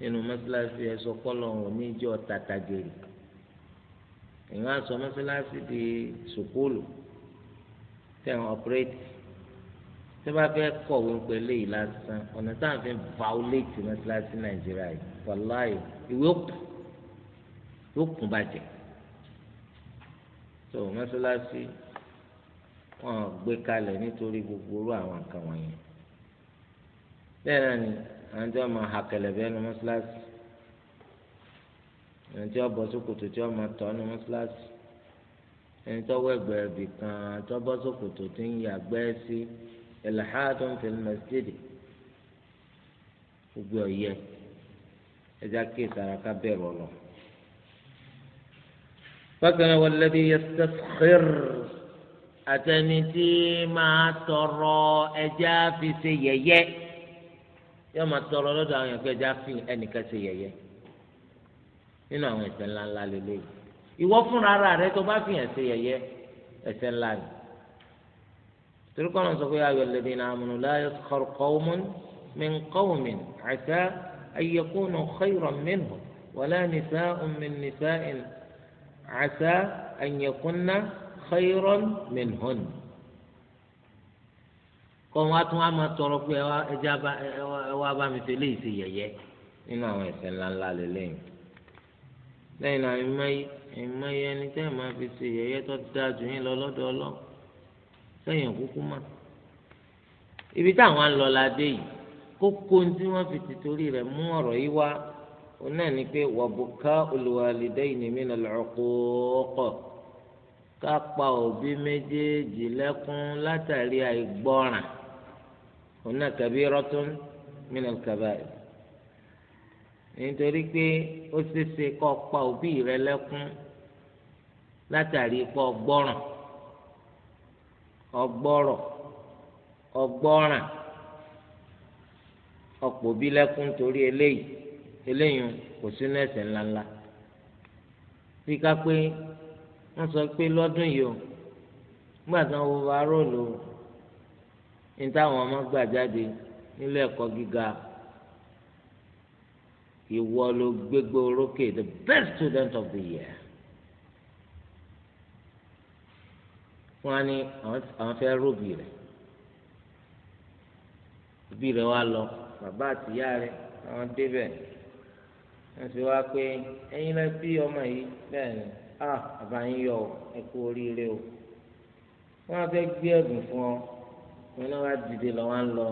nínú mọ́sálásí ẹ̀sọ́ kọ́lọ̀ òní ìjọ tàtàgèrè èèyàn á sọ mọ́sálásí di sùkúlù tẹ̀wọ̀n ọ̀pẹ́rẹ́tì tí wọ́n bá fẹ́ kọ̀wé ń pẹ̀lú èyí lásán ọ̀nà tá à ń fi violate mọ́sálásí nàìjíríà yìí wàláyé ìwé òkú yóò kún bàjẹ́ tó mọ́sálásí wọn gbé kalẹ̀ nítorí gbogbo orú àwọn nǹkan wọ̀nyẹn bẹ́ẹ̀ náà ni àwọn tí wọn máa ha kẹlẹbẹ nu mọ́ṣáláṣí ẹni tí wọn bọ́ sókòtò tí wọn máa tọ̀ nu mọ́ṣáláṣí ẹni tó wọ ẹgbẹ́ ibì kan tó bọ́ sókòtò tí ń yà gbẹ́ sí ẹlẹ́hàdó ń fi mẹ́sídẹ̀ẹ́dì gbogbo ọ̀yẹ́ ẹja kí ìsaraka bẹ̀rù ọ̀lọ́. bákan náà walladhi yastakhir àtẹni máa tọrọ ẹja fi ṣe yẹ̀yẹ́ yóò máa tọrọ lọ́dọ̀ àwọn èèyàn kẹjá fi ẹnìkan ṣe yẹ̀yẹ́ nínú àwọn ẹ̀ṣẹ̀ ńlá ńlá lélẹ́yìí ìwọ fúnra ara rẹ tó bá fi hàn ṣe yẹ̀yẹ́ ẹ̀ṣẹ̀ ńlá ni torí kọ́nà sọ pé ayọ̀ lẹ́dí náà amúnú láyọ̀ kọ́rọ̀ kọ́wọ́mọ́n min qawmin ayẹkùnú khayran minhum wala nisa'un min nisa'in àṣà ayẹkùnú khayran minhun kọ́ńtà wa tún wá máa tọrọ pé ẹja ẹwà bá mi fi léyìí ṣe yẹ̀yẹ́ nínú àwọn ẹ̀ṣẹ̀ ńláńlá lélẹ́yìn lẹ́yìn náà ìmọ̀ye ìmọ̀ye ẹni tẹ́ ẹ̀ máa fi ṣe yẹ̀yẹ́ tó dáa jù yín lọ lọ́dọ̀ ọlọ́ sẹ́yìn kúkú mà ibi táwọn ń lọ la yìí kókó tí wọ́n fi tìtorí rẹ̀ mú ọ̀rọ̀ yìí wá òun náà ni pé wàbùká olùwàlídẹ́yìn ká pa òbí méjèèjì lẹ́kún látàrí àìgbọ́ràn òun náà kabiratun minal kabair nítorí pé ó ṣeéṣe kó pa òbí rẹ lẹ́kún látàrí kó gbọ́ràn ọgbọ́rọ̀ ọgbọ́ràn ọ̀pọ̀ òbí lẹ́kún torí eléyìí eléyìí kò sínú ẹ̀ṣẹ̀ ńláńlá bí wọ́n sọ pé lọ́dún yìí o nígbà tí wọ́n wo bá róòlù o ní táwọn ọmọ gbà jáde nílé ẹ̀kọ́ gíga ìwọ ló gbégbó orókè the best student of the year. fún wa ní àwọn fẹ́ róbì rẹ̀ òbí rẹ̀ wá lọ bàbá àtìyá rẹ̀ àwọn débẹ̀ wọ́n sì wá pé ẹ̀yin lẹ bí ọmọ yìí bẹ́ẹ̀ ni ah bàbá yín yọ ẹ oríire o wọ́n á fẹ́ gbé ẹ̀bùn fún ọ wọn náà wá dìde lọ wọn lọ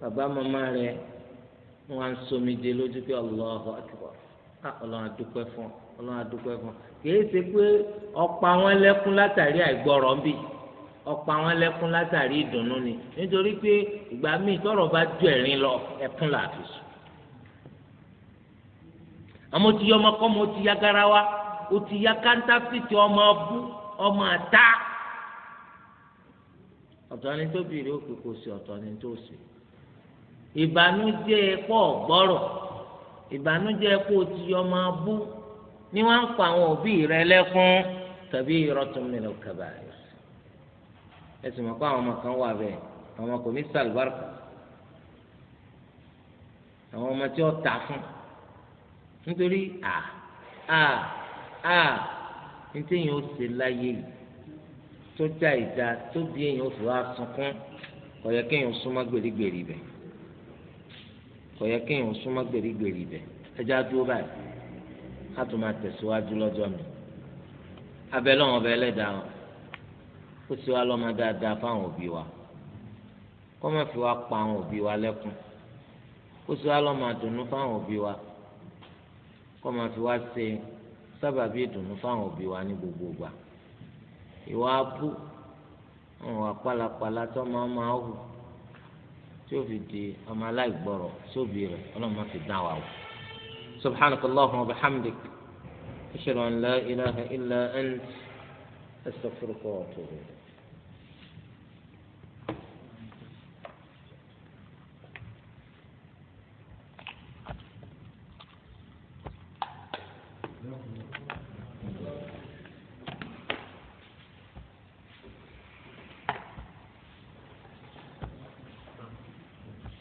bàbá màmá rẹ wọn sọmi dé lójú pé Allahu Akbar ah, Ọlọ́run adúpẹ́ fún Ọlọ́run adúpẹ́ fún kìí ṣe pé ọ̀pọ̀ àwọn ẹlẹ́kún látàrí àìgbọ́rọ̀ ń bì ọ̀pọ̀ àwọn ẹlẹ́kún látàrí ìdùnnú ni nítorí pé ìgbà míì tọ́rọ̀ bá ju ẹ̀rín lọ ẹkún làfi sùn àmọ́ ti yọ ọmọ ti ya garawa o ti ya kántàfìtì ọmọ abú ọmọ àtá ọ̀tọ̀ ni tó bìrì ó kókó sí ọ̀tọ̀ ni tó sì ìbànújẹ́ pọ̀ gbọ́rọ̀ ìbànújẹ́ pọ̀ ti yọ máa bú ni wọ́n ń pa àwọn òbí rẹ lẹ́kún tàbí irọ́tún mìíràn kaba ẹ̀ ẹ̀sìn mọ̀ pé àwọn ọmọ kan wà bẹ́ẹ̀ àwọn ọmọ kò ní sàlùbáràkà àwọn ọmọ tí ó ta fún nítorí à à à ní tí yẹn ó ṣe láyé yìí tó já ìdá tó bí èèyàn fi wá sunkún kò yẹ kéèyàn súnmọ́ gbèrígbèrí bẹ̀ kò yẹ kéèyàn súnmọ́ gbèrígbèrí bẹ̀ ẹja dúró báyìí a tún máa tẹ̀síwájú lọ́jọ́ mi abẹ́ lọ́wọ́n ọbẹ̀ ẹlẹ́dàá wọn ó sì wá lọ́mọ dáadáa fáwọn òbí wa kó má fi wá pa àwọn òbí wa lẹ́kún ó sì wá lọ́mọ àdùnnú fáwọn òbí wa kó má fi wá ṣe sábàbí ìdùnnú fáwọn òbí wa ní gbogbo ìgbà ìwà abú àwọn àpàlàpàlà tó máa máa hù tí ó fi di ọmọ aláìgbọrọ sóbì rẹ ọlọmọ fi dá wa wò subhanak allahumma wa bihamdik ashhadu an la ilaha illa ant astaghfiruka wa